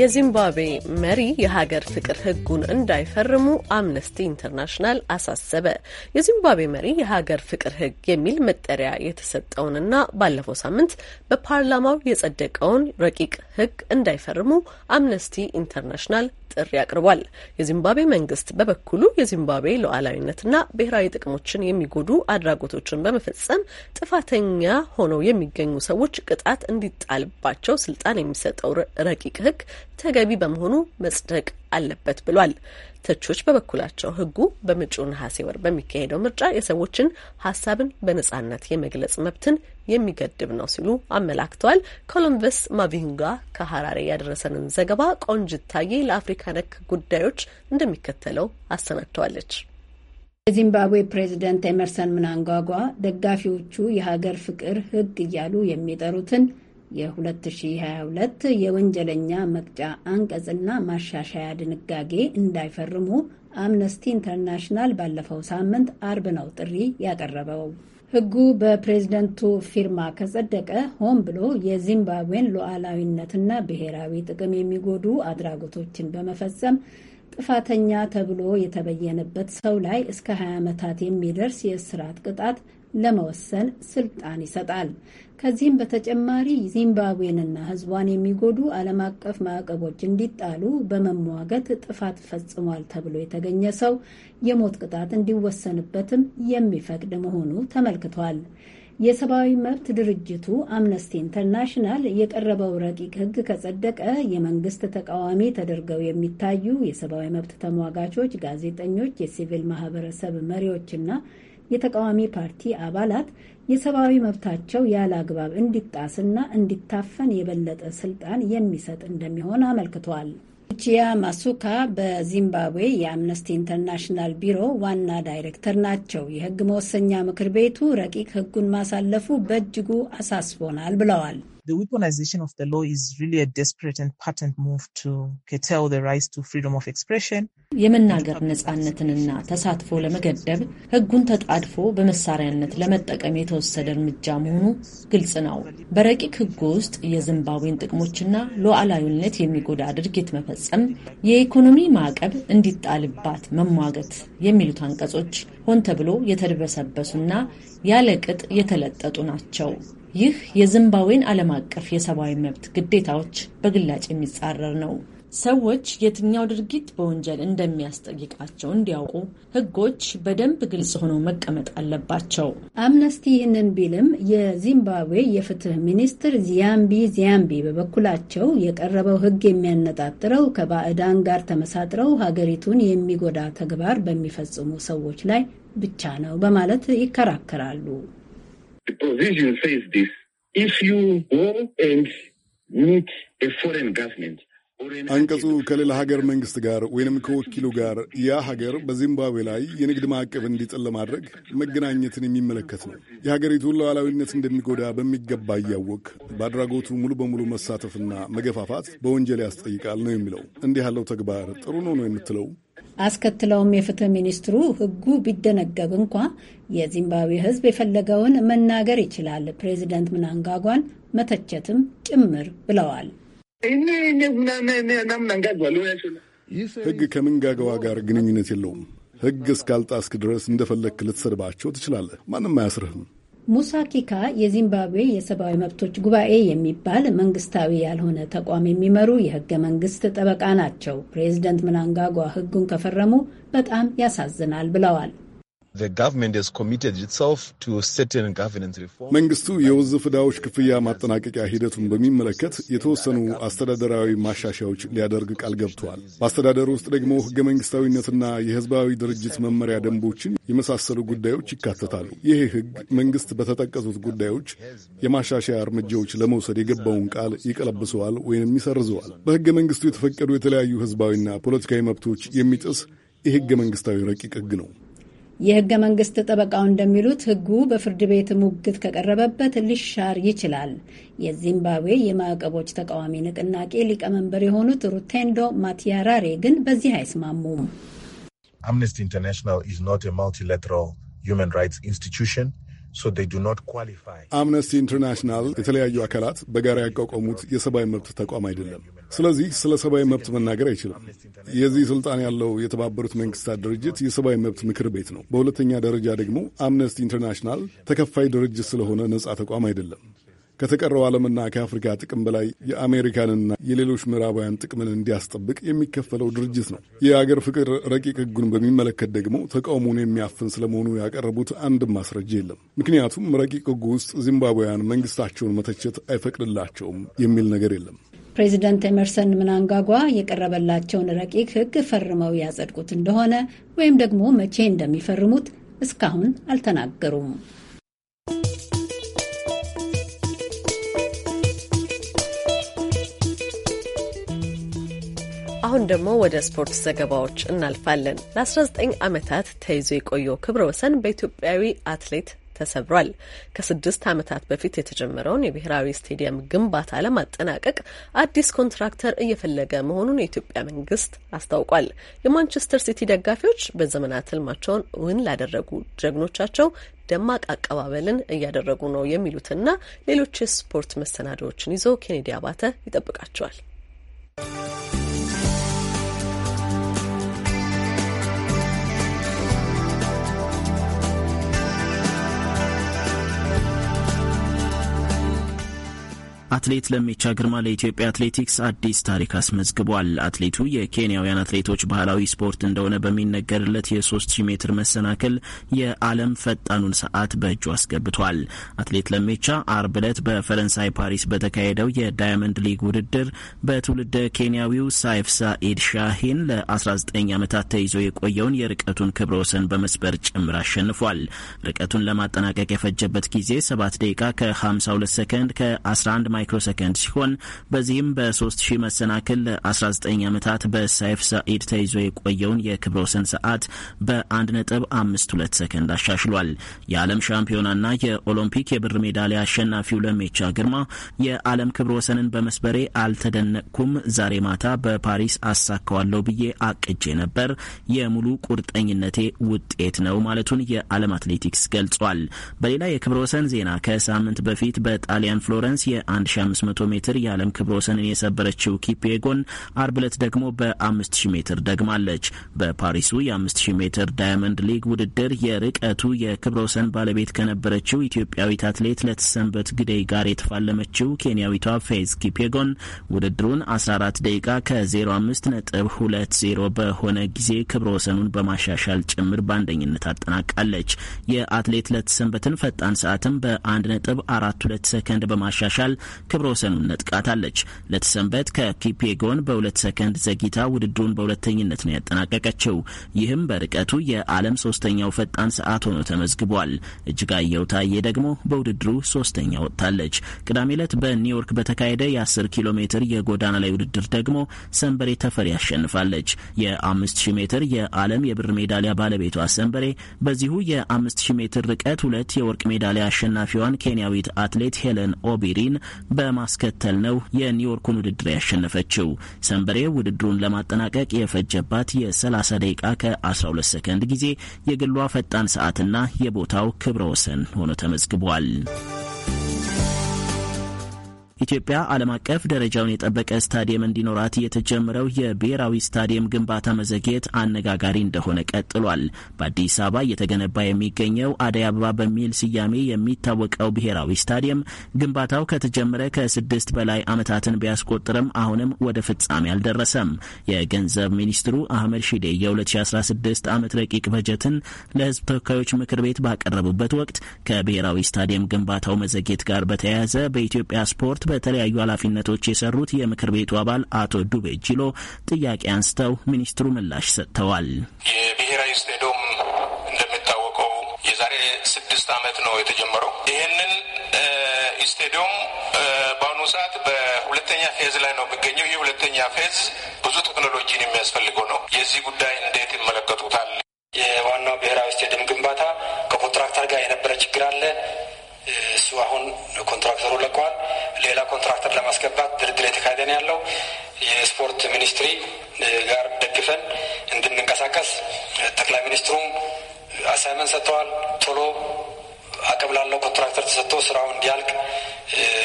[SPEAKER 1] የዚምባብዌ መሪ የሀገር ፍቅር ሕጉን እንዳይፈርሙ አምነስቲ ኢንተርናሽናል አሳሰበ። የዚምባብዌ መሪ የሀገር ፍቅር ሕግ የሚል መጠሪያ የተሰጠውንና ባለፈው ሳምንት በፓርላማው የጸደቀውን ረቂቅ ሕግ እንዳይፈርሙ አምነስቲ ኢንተርናሽናል ጥሪ አቅርቧል። የዚምባብዌ መንግስት በበኩሉ የዚምባብዌ ሉዓላዊነትና ብሔራዊ ጥቅሞችን የሚጎዱ አድራጎቶችን በመፈጸም ጥፋተኛ ሆነው የሚገኙ ሰዎች ቅጣት እንዲጣልባቸው ስልጣን የሚሰጠው ረቂቅ ህግ ተገቢ በመሆኑ መጽደቅ አለበት ብሏል። ተቾች በበኩላቸው ህጉ በመጪው ነሐሴ ወር በሚካሄደው ምርጫ የሰዎችን ሀሳብን በነጻነት የመግለጽ መብትን የሚገድብ ነው ሲሉ አመላክተዋል። ኮሎምበስ ማቢንጋ ከሀራሬ ያደረሰንን ዘገባ ቆንጅታዬ ለአፍሪካ ነክ ጉዳዮች እንደሚከተለው አሰናድተዋለች። የዚምባብዌ ፕሬዚደንት ኤመርሰን ምናንጓጓ ደጋፊዎቹ
[SPEAKER 11] የሀገር ፍቅር ሕግ እያሉ የሚጠሩትን የ2022 የወንጀለኛ መቅጫ አንቀጽና ማሻሻያ ድንጋጌ እንዳይፈርሙ አምነስቲ ኢንተርናሽናል ባለፈው ሳምንት አርብ ነው ጥሪ ያቀረበው። ህጉ በፕሬዝደንቱ ፊርማ ከጸደቀ ሆን ብሎ የዚምባብዌን ሉዓላዊነትና ብሔራዊ ጥቅም የሚጎዱ አድራጎቶችን በመፈጸም ጥፋተኛ ተብሎ የተበየነበት ሰው ላይ እስከ 20 ዓመታት የሚደርስ የእስራት ቅጣት ለመወሰን ስልጣን ይሰጣል። ከዚህም በተጨማሪ ዚምባብዌንና ሕዝቧን የሚጎዱ ዓለም አቀፍ ማዕቀቦች እንዲጣሉ በመሟገት ጥፋት ፈጽሟል ተብሎ የተገኘ ሰው የሞት ቅጣት እንዲወሰንበትም የሚፈቅድ መሆኑ ተመልክቷል። የሰብአዊ መብት ድርጅቱ አምነስቲ ኢንተርናሽናል የቀረበው ረቂቅ ሕግ ከጸደቀ የመንግስት ተቃዋሚ ተደርገው የሚታዩ የሰብአዊ መብት ተሟጋቾች፣ ጋዜጠኞች፣ የሲቪል ማህበረሰብ መሪዎችና የተቃዋሚ ፓርቲ አባላት የሰብአዊ መብታቸው ያለ አግባብ እንዲጣስና እንዲታፈን የበለጠ ስልጣን የሚሰጥ እንደሚሆን አመልክቷል። ቺያ ማሱካ በዚምባብዌ የአምነስቲ ኢንተርናሽናል ቢሮ ዋና ዳይሬክተር ናቸው። የህግ መወሰኛ ምክር ቤቱ ረቂቅ ህጉን ማሳለፉ በእጅጉ አሳስቦናል ብለዋል።
[SPEAKER 8] The weaponization of the law is really a desperate and patent move to curtail the rights to freedom of expression.
[SPEAKER 11] የመናገር
[SPEAKER 1] ነጻነትንና ተሳትፎ ለመገደብ ህጉን ተጣድፎ በመሳሪያነት ለመጠቀም የተወሰደ እርምጃ መሆኑ ግልጽ ነው። በረቂቅ ሕጉ ውስጥ የዚምባብዌን ጥቅሞችና ሉዓላዊነት የሚጎዳ ድርጊት መፈጸም፣ የኢኮኖሚ ማዕቀብ እንዲጣልባት መሟገት የሚሉት አንቀጾች ሆን ተብሎ የተደበሰበሱና ያለ ቅጥ የተለጠጡ ናቸው። ይህ የዚምባብዌን ዓለም አቀፍ የሰብአዊ መብት ግዴታዎች በግላጭ የሚጻረር ነው። ሰዎች የትኛው ድርጊት በወንጀል እንደሚያስጠይቃቸው እንዲያውቁ ሕጎች በደንብ ግልጽ ሆነው መቀመጥ አለባቸው። አምነስቲ ይህንን ቢልም
[SPEAKER 11] የዚምባብዌ የፍትህ ሚኒስትር ዚያምቢ ዚያምቢ በበኩላቸው የቀረበው ሕግ የሚያነጣጥረው ከባዕዳን ጋር ተመሳጥረው ሀገሪቱን የሚጎዳ ተግባር በሚፈጽሙ ሰዎች ላይ ብቻ ነው በማለት ይከራከራሉ።
[SPEAKER 1] The provision says this. If you go and meet a foreign
[SPEAKER 7] government, አንቀጹ ከሌላ ሀገር መንግስት ጋር ወይንም ከወኪሉ ጋር ያ ሀገር በዚምባብዌ ላይ የንግድ ማዕቀብ እንዲጥል ለማድረግ መገናኘትን የሚመለከት ነው። የሀገሪቱን ሉዓላዊነት እንደሚጎዳ በሚገባ እያወቅ በአድራጎቱ ሙሉ በሙሉ መሳተፍና መገፋፋት በወንጀል ያስጠይቃል ነው የሚለው። እንዲህ ያለው ተግባር ጥሩ ነው ነው የምትለው?
[SPEAKER 11] አስከትለውም የፍትህ ሚኒስትሩ ህጉ ቢደነገግ እንኳ የዚምባብዌ ህዝብ የፈለገውን መናገር ይችላል፣ ፕሬዚደንት ምናንጋጓን መተቸትም ጭምር ብለዋል።
[SPEAKER 7] ህግ ከምንጋገዋ ጋር ግንኙነት የለውም። ህግ እስካልጣስክ ድረስ እንደፈለግክ ልትሰድባቸው ትችላለህ። ማንም አያስርህም።
[SPEAKER 11] ሙሳ ኪካ የዚምባብዌ የሰብአዊ መብቶች ጉባኤ የሚባል መንግስታዊ ያልሆነ ተቋም የሚመሩ የህገ መንግስት ጠበቃ ናቸው። ፕሬዚደንት ምናንጋጓ ህጉን ከፈረሙ በጣም ያሳዝናል ብለዋል።
[SPEAKER 7] መንግስቱ የውዝፍ ዕዳዎች ክፍያ ማጠናቀቂያ ሂደቱን በሚመለከት የተወሰኑ አስተዳደራዊ ማሻሻያዎች ሊያደርግ ቃል ገብተዋል። በአስተዳደር ውስጥ ደግሞ ሕገ መንግስታዊነትና የሕዝባዊ ድርጅት መመሪያ ደንቦችን የመሳሰሉ ጉዳዮች ይካተታሉ። ይህ ሕግ መንግስት በተጠቀሱት ጉዳዮች የማሻሻያ እርምጃዎች ለመውሰድ የገባውን ቃል ይቀለብሰዋል ወይንም ይሰርዘዋል። በህገ መንግስቱ የተፈቀዱ የተለያዩ ሕዝባዊና ፖለቲካዊ መብቶች የሚጥስ የሕገ መንግስታዊ ረቂቅ ህግ ነው።
[SPEAKER 11] የህገ መንግስት ጠበቃው እንደሚሉት ህጉ በፍርድ ቤት ሙግት ከቀረበበት ሊሻር ይችላል። የዚምባብዌ የማዕቀቦች ተቃዋሚ ንቅናቄ ሊቀመንበር የሆኑት ሩቴንዶ ማቲያራሬ ግን በዚህ አይስማሙም።
[SPEAKER 7] አምነስቲ ኢንተርናሽናል ኢዝ ኖት ኤ ማልቲላተራል ሂውማን ራይትስ ኢንስቲትዩሽን አምነስቲ ኢንተርናሽናል የተለያዩ አካላት በጋራ ያቋቋሙት የሰብአዊ መብት ተቋም አይደለም። ስለዚህ ስለ ሰብአዊ መብት መናገር አይችልም። የዚህ ስልጣን ያለው የተባበሩት መንግስታት ድርጅት የሰብአዊ መብት ምክር ቤት ነው። በሁለተኛ ደረጃ ደግሞ አምነስቲ ኢንተርናሽናል ተከፋይ ድርጅት ስለሆነ ነጻ ተቋም አይደለም። ከተቀረው ዓለምና ከአፍሪካ ጥቅም በላይ የአሜሪካንና የሌሎች ምዕራባውያን ጥቅምን እንዲያስጠብቅ የሚከፈለው ድርጅት ነው። የአገር ፍቅር ረቂቅ ሕጉን በሚመለከት ደግሞ ተቃውሞን የሚያፍን ስለመሆኑ ያቀረቡት አንድም ማስረጃ የለም። ምክንያቱም ረቂቅ ሕጉ ውስጥ ዚምባብዌያን መንግስታቸውን መተቸት አይፈቅድላቸውም የሚል ነገር የለም።
[SPEAKER 11] ፕሬዚደንት ኤመርሰን ምናንጋጓ የቀረበላቸውን ረቂቅ ሕግ ፈርመው ያጸድቁት እንደሆነ ወይም ደግሞ መቼ እንደሚፈርሙት እስካሁን አልተናገሩም።
[SPEAKER 1] አሁን ደግሞ ወደ ስፖርት ዘገባዎች እናልፋለን። ለ19 ዓመታት ተይዞ የቆየው ክብረ ወሰን በኢትዮጵያዊ አትሌት ተሰብሯል። ከስድስት ዓመታት በፊት የተጀመረውን የብሔራዊ ስቴዲየም ግንባታ ለማጠናቀቅ አዲስ ኮንትራክተር እየፈለገ መሆኑን የኢትዮጵያ መንግስት አስታውቋል። የማንቸስተር ሲቲ ደጋፊዎች በዘመናት ህልማቸውን እውን ላደረጉ ጀግኖቻቸው ደማቅ አቀባበልን እያደረጉ ነው የሚሉትና ሌሎች የስፖርት መሰናዶዎችን ይዞ ኬኔዲ አባተ ይጠብቃቸዋል።
[SPEAKER 8] አትሌት ለሚቻ ግርማ ለኢትዮጵያ አትሌቲክስ አዲስ ታሪክ አስመዝግቧል። አትሌቱ የኬንያውያን አትሌቶች ባህላዊ ስፖርት እንደሆነ በሚነገርለት የ3000 ሜትር መሰናክል የዓለም ፈጣኑን ሰዓት በእጁ አስገብቷል። አትሌት ለሚቻ አርብ ዕለት በፈረንሳይ ፓሪስ በተካሄደው የዳያመንድ ሊግ ውድድር በትውልደ ኬንያዊው ሳይፍሳ ኢድ ሻሂን ለ19 ዓመታት ተይዞ የቆየውን የርቀቱን ክብረ ወሰን በመስበር ጭምር አሸንፏል። ርቀቱን ለማጠናቀቅ የፈጀበት ጊዜ 7 ደቂቃ ከ52 ሰከንድ ከ11 ማይክሮሰከንድ ሲሆን በዚህም በ3000 መሰናክል ለ19 ዓመታት በሳይፍ ሳኢድ ተይዞ የቆየውን የክብረ ወሰን ሰዓት በ1.52 ሰከንድ አሻሽሏል። የዓለም ሻምፒዮናና የኦሎምፒክ የብር ሜዳሊያ አሸናፊው ለሜቻ ግርማ የዓለም ክብረ ወሰንን በመስበሬ አልተደነቅኩም። ዛሬ ማታ በፓሪስ አሳካዋለሁ ብዬ አቅጄ ነበር። የሙሉ ቁርጠኝነቴ ውጤት ነው ማለቱን የዓለም አትሌቲክስ ገልጿል። በሌላ የክብረ ወሰን ዜና ከሳምንት በፊት በጣሊያን ፍሎረንስ የ1000 1500 ሜትር የዓለም ክብረ ወሰንን የሰበረችው ኪፒጎን አርብ ዕለት ደግሞ በ5000 ሜትር ደግማለች። በፓሪሱ የ5000 ሜትር ዳያመንድ ሊግ ውድድር የርቀቱ የክብረ ወሰን ባለቤት ከነበረችው ኢትዮጵያዊት አትሌት ለተሰንበት ግደይ ጋር የተፋለመችው ኬንያዊቷ ፌዝ ኪፒጎን ውድድሩን 14 ደቂቃ ከ05 ነጥብ 20 በሆነ ጊዜ ክብረ ወሰኑን በማሻሻል ጭምር በአንደኝነት አጠናቃለች። የአትሌት ለተሰንበትን ፈጣን ሰዓትም በ1 ነጥብ 42 ሰከንድ በማሻሻል ክብረ ወሰኑን ነጥቃታለች። ለተሰንበት ከኪፔጎን በሁለት ሰከንድ ዘግይታ ውድድሩን በሁለተኝነት ነው ያጠናቀቀችው። ይህም በርቀቱ የዓለም ሶስተኛው ፈጣን ሰዓት ሆኖ ተመዝግቧል። እጅጋየው ታዬ ደግሞ በውድድሩ ሶስተኛ ወጥታለች። ቅዳሜ ዕለት በኒውዮርክ በተካሄደ የ10 ኪሎ ሜትር የጎዳና ላይ ውድድር ደግሞ ሰንበሬ ተፈሪ አሸንፋለች። የ5000 ሜትር የዓለም የብር ሜዳሊያ ባለቤቷ ሰንበሬ በዚሁ የ5000 ሜትር ርቀት ሁለት የወርቅ ሜዳሊያ አሸናፊዋን ኬንያዊት አትሌት ሄለን ኦቢሪን በማስከተል ነው የኒውዮርኩን ውድድር ያሸነፈችው። ሰንበሬ ውድድሩን ለማጠናቀቅ የፈጀባት የ30 ደቂቃ ከ12 ሰከንድ ጊዜ የግሏ ፈጣን ሰዓትና የቦታው ክብረ ወሰን ሆኖ ተመዝግቧል። ኢትዮጵያ ዓለም አቀፍ ደረጃውን የጠበቀ ስታዲየም እንዲኖራት የተጀመረው የብሔራዊ ስታዲየም ግንባታ መዘግየት አነጋጋሪ እንደሆነ ቀጥሏል። በአዲስ አበባ እየተገነባ የሚገኘው አደይ አበባ በሚል ስያሜ የሚታወቀው ብሔራዊ ስታዲየም ግንባታው ከተጀመረ ከስድስት በላይ ዓመታትን ቢያስቆጥርም አሁንም ወደ ፍጻሜ አልደረሰም። የገንዘብ ሚኒስትሩ አህመድ ሺዴ የ2016 ዓመት ረቂቅ በጀትን ለሕዝብ ተወካዮች ምክር ቤት ባቀረቡበት ወቅት ከብሔራዊ ስታዲየም ግንባታው መዘግየት ጋር በተያያዘ በኢትዮጵያ ስፖርት በተለያዩ ኃላፊነቶች የሰሩት የምክር ቤቱ አባል አቶ ዱቤ ጅሎ ጥያቄ አንስተው ሚኒስትሩ ምላሽ ሰጥተዋል።
[SPEAKER 10] የብሔራዊ ስቴዲየም
[SPEAKER 9] እንደሚታወቀው የዛሬ ስድስት ዓመት ነው የተጀመረው። ይህንን ስቴዲየም በአሁኑ ሰዓት በሁለተኛ ፌዝ ላይ ነው የሚገኘው። ይህ ሁለተኛ ፌዝ ብዙ ቴክኖሎጂን የሚያስፈልገው ነው። የዚህ ጉዳይ እንዴት ይመለከቱታል?
[SPEAKER 2] የዋናው ብሔራዊ ስቴዲየም ግንባታ ከኮንትራክተር ጋር የነበረ ችግር አለ። እሱ አሁን ኮንትራክተሩ ለቋል። ሌላ ኮንትራክተር ለማስገባት ድርድር የተካሄደ ነው ያለው። የስፖርት ሚኒስትሪ ጋር ደግፈን እንድንንቀሳቀስ ጠቅላይ ሚኒስትሩም አሳይመን ሰጥተዋል። ቶሎ አቅም ላለው ኮንትራክተር ተሰጥቶ ስራው እንዲያልቅ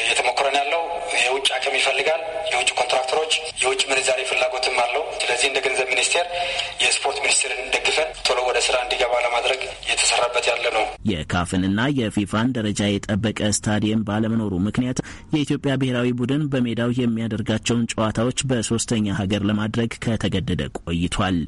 [SPEAKER 2] እየተሞከረ ያለው። የውጭ አቅም ይፈልጋል። የውጭ ኮንትራክተሮች የውጭ ምንዛሬ ፍላጎትም አለው። ስለዚህ እንደ ገንዘብ ሚኒስቴር የስፖርት ሚኒስቴርን ደግፈን ቶሎ ወደ
[SPEAKER 10] ስራ እንዲገባ ለማድረግ
[SPEAKER 8] እየተሰራበት ያለ ነው። የካፍንና የፊፋን ደረጃ የጠበቀ ስታዲየም ባለመኖሩ ምክንያት የኢትዮጵያ ብሔራዊ ቡድን በሜዳው የሚያደርጋቸውን ጨዋታዎች በሶስተኛ ሀገር ለማድረግ ከተገደደ ቆይቷል።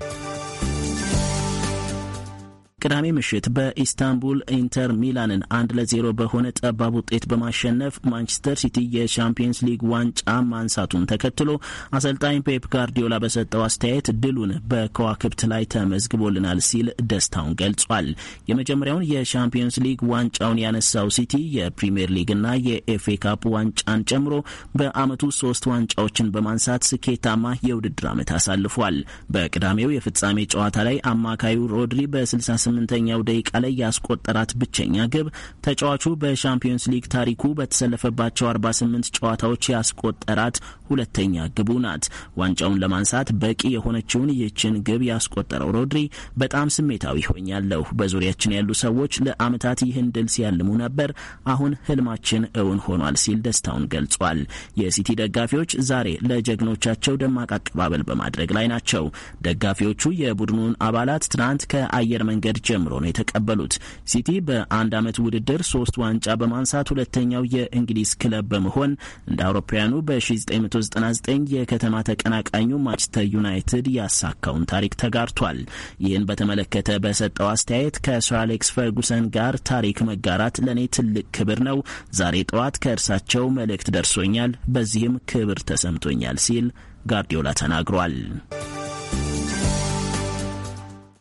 [SPEAKER 8] ቅዳሜ ምሽት በኢስታንቡል ኢንተር ሚላንን አንድ ለዜሮ በሆነ ጠባብ ውጤት በማሸነፍ ማንቸስተር ሲቲ የቻምፒየንስ ሊግ ዋንጫ ማንሳቱን ተከትሎ አሰልጣኝ ፔፕ ጋርዲዮላ በሰጠው አስተያየት ድሉን በከዋክብት ላይ ተመዝግቦልናል ሲል ደስታውን ገልጿል። የመጀመሪያውን የቻምፒየንስ ሊግ ዋንጫውን ያነሳው ሲቲ የፕሪምየር ሊግና የኤፍኤ ካፕ ዋንጫን ጨምሮ በዓመቱ ሶስት ዋንጫዎችን በማንሳት ስኬታማ የውድድር ዓመት አሳልፏል። በቅዳሜው የፍጻሜ ጨዋታ ላይ አማካዩ ሮድሪ በ በ ኛው ደቂቃ ላይ ያስቆጠራት ብቸኛ ግብ ተጫዋቹ በሻምፒዮንስ ሊግ ታሪኩ በተሰለፈባቸው 48 ጨዋታዎች ያስቆጠራት ሁለተኛ ግቡ ናት። ዋንጫውን ለማንሳት በቂ የሆነችውን ይህችን ግብ ያስቆጠረው ሮድሪ በጣም ስሜታዊ ሆኛለሁ። በዙሪያችን ያሉ ሰዎች ለዓመታት ይህን ድል ሲያልሙ ነበር። አሁን ህልማችን እውን ሆኗል ሲል ደስታውን ገልጿል። የሲቲ ደጋፊዎች ዛሬ ለጀግኖቻቸው ደማቅ አቀባበል በማድረግ ላይ ናቸው። ደጋፊዎቹ የቡድኑን አባላት ትናንት ከአየር መንገድ ጀምሮ ነው የተቀበሉት። ሲቲ በአንድ ዓመት ውድድር ሶስት ዋንጫ በማንሳት ሁለተኛው የእንግሊዝ ክለብ በመሆን እንደ አውሮፓውያኑ በ1999 የከተማ ተቀናቃኙ ማንቸስተር ዩናይትድ ያሳካውን ታሪክ ተጋርቷል። ይህን በተመለከተ በሰጠው አስተያየት ከሰር አሌክስ ፈርጉሰን ጋር ታሪክ መጋራት ለእኔ ትልቅ ክብር ነው። ዛሬ ጠዋት ከእርሳቸው መልእክት ደርሶኛል። በዚህም ክብር ተሰምቶኛል ሲል ጋርዲዮላ ተናግሯል።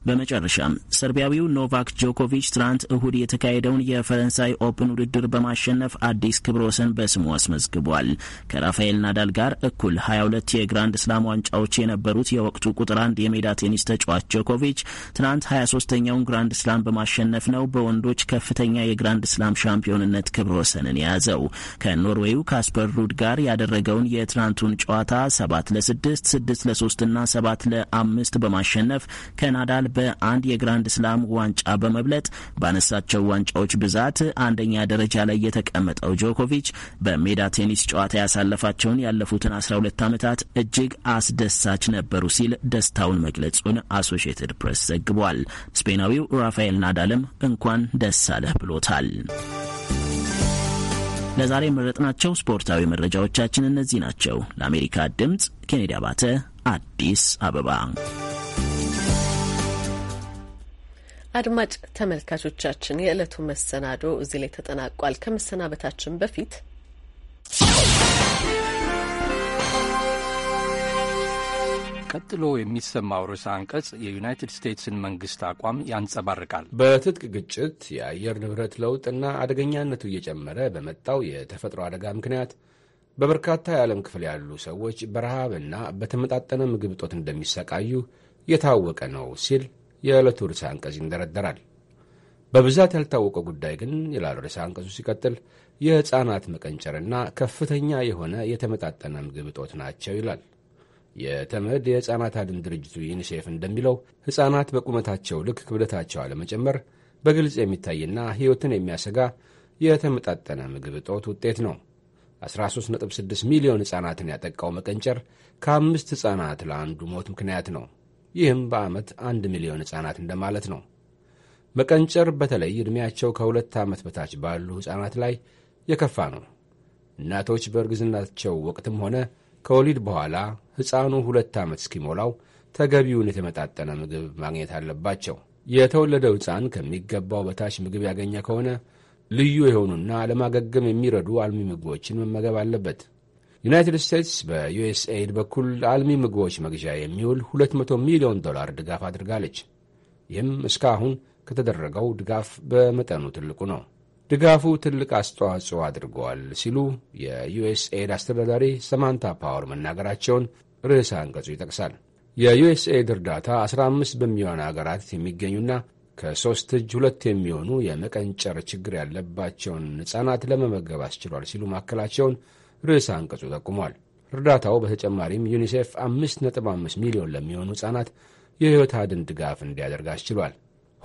[SPEAKER 8] በመጨረሻም ሰርቢያዊው ኖቫክ ጆኮቪች ትናንት እሁድ የተካሄደውን የፈረንሳይ ኦፕን ውድድር በማሸነፍ አዲስ ክብረ ወሰን በስሙ አስመዝግቧል። ከራፋኤል ናዳል ጋር እኩል 22 የግራንድ ስላም ዋንጫዎች የነበሩት የወቅቱ ቁጥር አንድ የሜዳ ቴኒስ ተጫዋች ጆኮቪች ትናንት 23ኛውን ግራንድ ስላም በማሸነፍ ነው በወንዶች ከፍተኛ የግራንድ ስላም ሻምፒዮንነት ክብረ ወሰንን የያዘው። ከኖርዌዩ ካስፐር ሩድ ጋር ያደረገውን የትናንቱን ጨዋታ 7 ለ6፣ 6 ለ3 እና 7 ለ5 በማሸነፍ ከናዳል በአንድ የግራንድ ስላም ዋንጫ በመብለጥ ባነሳቸው ዋንጫዎች ብዛት አንደኛ ደረጃ ላይ የተቀመጠው ጆኮቪች በሜዳ ቴኒስ ጨዋታ ያሳለፋቸውን ያለፉትን 12 ዓመታት እጅግ አስደሳች ነበሩ ሲል ደስታውን መግለጹን አሶሽየትድ ፕሬስ ዘግቧል። ስፔናዊው ራፋኤል ናዳልም እንኳን ደስ አለህ ብሎታል። ለዛሬ የመረጥናቸው ስፖርታዊ መረጃዎቻችን እነዚህ ናቸው። ለአሜሪካ ድምፅ ኬኔዲ አባተ አዲስ አበባ
[SPEAKER 1] አድማጭ ተመልካቾቻችን የዕለቱ መሰናዶ እዚህ ላይ ተጠናቋል። ከመሰናበታችን በፊት
[SPEAKER 9] ቀጥሎ የሚሰማው ርዕሰ አንቀጽ የዩናይትድ ስቴትስን መንግስት አቋም
[SPEAKER 6] ያንጸባርቃል።
[SPEAKER 9] በትጥቅ ግጭት፣ የአየር ንብረት ለውጥና አደገኛነቱ እየጨመረ በመጣው የተፈጥሮ አደጋ ምክንያት በበርካታ የዓለም ክፍል ያሉ ሰዎች በረሃብና በተመጣጠነ ምግብ እጦት እንደሚሰቃዩ የታወቀ ነው ሲል የዕለቱ ርዕሰ አንቀጽ ይንደረደራል። በብዛት ያልታወቀው ጉዳይ ግን ይላሉ ርዕሰ አንቀጹ ሲቀጥል፣ የሕፃናት መቀንጨርና ከፍተኛ የሆነ የተመጣጠነ ምግብ እጦት ናቸው ይላል። የተመድ የሕፃናት አድን ድርጅቱ ዩኒሴፍ እንደሚለው ሕፃናት በቁመታቸው ልክ ክብደታቸው አለመጨመር በግልጽ የሚታይና ሕይወትን የሚያሰጋ የተመጣጠነ ምግብ እጦት ውጤት ነው። 13.6 ሚሊዮን ሕፃናትን ያጠቃው መቀንጨር ከአምስት ሕፃናት ለአንዱ ሞት ምክንያት ነው። ይህም በዓመት አንድ ሚሊዮን ሕፃናት እንደማለት ነው። መቀንጨር በተለይ ዕድሜያቸው ከሁለት ዓመት በታች ባሉ ሕፃናት ላይ የከፋ ነው። እናቶች በእርግዝናቸው ወቅትም ሆነ ከወሊድ በኋላ ሕፃኑ ሁለት ዓመት እስኪሞላው ተገቢውን የተመጣጠነ ምግብ ማግኘት አለባቸው። የተወለደው ሕፃን ከሚገባው በታች ምግብ ያገኘ ከሆነ ልዩ የሆኑና ለማገገም የሚረዱ አልሚ ምግቦችን መመገብ አለበት። ዩናይትድ ስቴትስ በዩኤስኤድ በኩል አልሚ ምግቦች መግዣ የሚውል 200 ሚሊዮን ዶላር ድጋፍ አድርጋለች። ይህም እስካሁን ከተደረገው ድጋፍ በመጠኑ ትልቁ ነው። ድጋፉ ትልቅ አስተዋጽኦ አድርገዋል ሲሉ የዩኤስኤድ አስተዳዳሪ ሰማንታ ፓወር መናገራቸውን ርዕሰ አንቀጹ ይጠቅሳል። የዩኤስኤድ እርዳታ 15 በሚሆን አገራት የሚገኙና ከሦስት እጅ ሁለት የሚሆኑ የመቀንጨር ችግር ያለባቸውን ሕፃናት ለመመገብ አስችሏል ሲሉ ማከላቸውን ርዕሰ አንቀጹ ጠቁሟል። እርዳታው በተጨማሪም ዩኒሴፍ 5.5 ሚሊዮን ለሚሆኑ ሕፃናት የሕይወት አድን ድጋፍ እንዲያደርግ አስችሏል።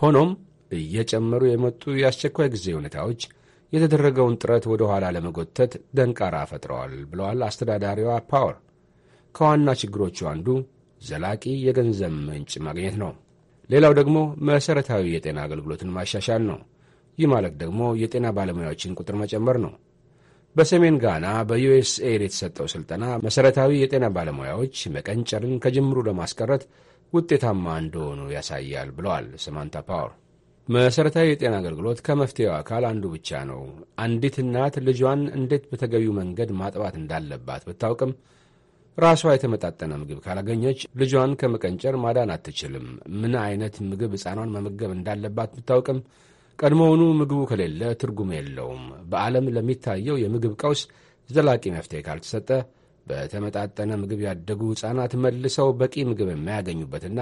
[SPEAKER 9] ሆኖም እየጨመሩ የመጡ የአስቸኳይ ጊዜ ሁኔታዎች የተደረገውን ጥረት ወደ ኋላ ለመጎተት ደንቃራ ፈጥረዋል ብለዋል አስተዳዳሪዋ ፓወር። ከዋና ችግሮቹ አንዱ ዘላቂ የገንዘብ ምንጭ ማግኘት ነው። ሌላው ደግሞ መሠረታዊ የጤና አገልግሎትን ማሻሻል ነው። ይህ ማለት ደግሞ የጤና ባለሙያዎችን ቁጥር መጨመር ነው። በሰሜን ጋና በዩኤስኤድ የተሰጠው ሥልጠና መሠረታዊ የጤና ባለሙያዎች መቀንጨርን ከጅምሩ ለማስቀረት ውጤታማ እንደሆኑ ያሳያል ብለዋል ሰማንታ ፓወር። መሠረታዊ የጤና አገልግሎት ከመፍትሄው አካል አንዱ ብቻ ነው። አንዲት እናት ልጇን እንዴት በተገቢው መንገድ ማጥባት እንዳለባት ብታውቅም ራሷ የተመጣጠነ ምግብ ካላገኘች ልጇን ከመቀንጨር ማዳን አትችልም። ምን አይነት ምግብ ሕፃኗን መመገብ እንዳለባት ብታውቅም ቀድሞውኑ ምግቡ ከሌለ ትርጉም የለውም። በዓለም ለሚታየው የምግብ ቀውስ ዘላቂ መፍትሄ ካልተሰጠ በተመጣጠነ ምግብ ያደጉ ሕፃናት መልሰው በቂ ምግብ የማያገኙበትና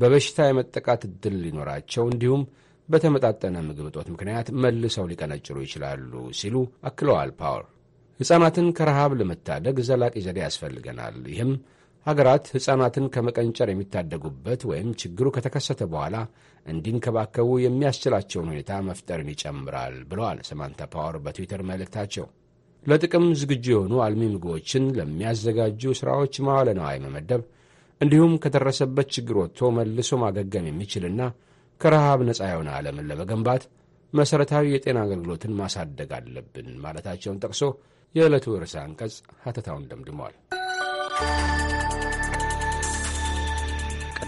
[SPEAKER 9] በበሽታ የመጠቃት ዕድል ሊኖራቸው እንዲሁም በተመጣጠነ ምግብ እጦት ምክንያት መልሰው ሊቀነጭሩ ይችላሉ ሲሉ አክለዋል። ፓወር ሕፃናትን ከረሃብ ለመታደግ ዘላቂ ዘዴ ያስፈልገናል። ይህም ሀገራት ሕፃናትን ከመቀንጨር የሚታደጉበት ወይም ችግሩ ከተከሰተ በኋላ እንዲንከባከቡ የሚያስችላቸውን ሁኔታ መፍጠርን ይጨምራል ብለዋል ሰማንታ ፓወር በትዊተር መልእክታቸው። ለጥቅም ዝግጁ የሆኑ አልሚ ምግቦችን ለሚያዘጋጁ ሥራዎች መዋለ ነዋይ መመደብ እንዲሁም ከደረሰበት ችግር ወጥቶ መልሶ ማገገም የሚችልና ከረሃብ ነፃ የሆነ ዓለምን ለመገንባት መሠረታዊ የጤና አገልግሎትን ማሳደግ አለብን ማለታቸውን ጠቅሶ የዕለቱ ርዕሰ አንቀጽ ሀተታውን ደምድሟል።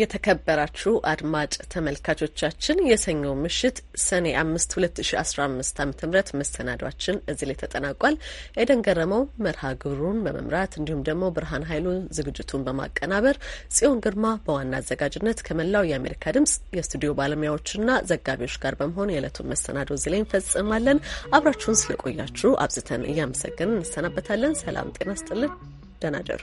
[SPEAKER 1] የተከበራችሁ አድማጭ ተመልካቾቻችን የሰኞ ምሽት ሰኔ አምስት ሁለት ሺ አስራ አምስት አመተ ምህረት መሰናዷችን እዚህ ላይ ተጠናቋል። ኤደን ገረመው መርሃ ግብሩን በመምራት እንዲሁም ደግሞ ብርሃን ኃይሉ ዝግጅቱን በማቀናበር ጽዮን ግርማ በዋና አዘጋጅነት ከመላው የአሜሪካ ድምጽ የስቱዲዮ ባለሙያዎችና ዘጋቢዎች ጋር በመሆን የዕለቱን መሰናዶ እዚህ ላይ እንፈጽማለን። አብራችሁን ስለቆያችሁ አብዝተን እያመሰገንን እንሰናበታለን። ሰላም ጤና ስጥልን። ደህና ደሩ።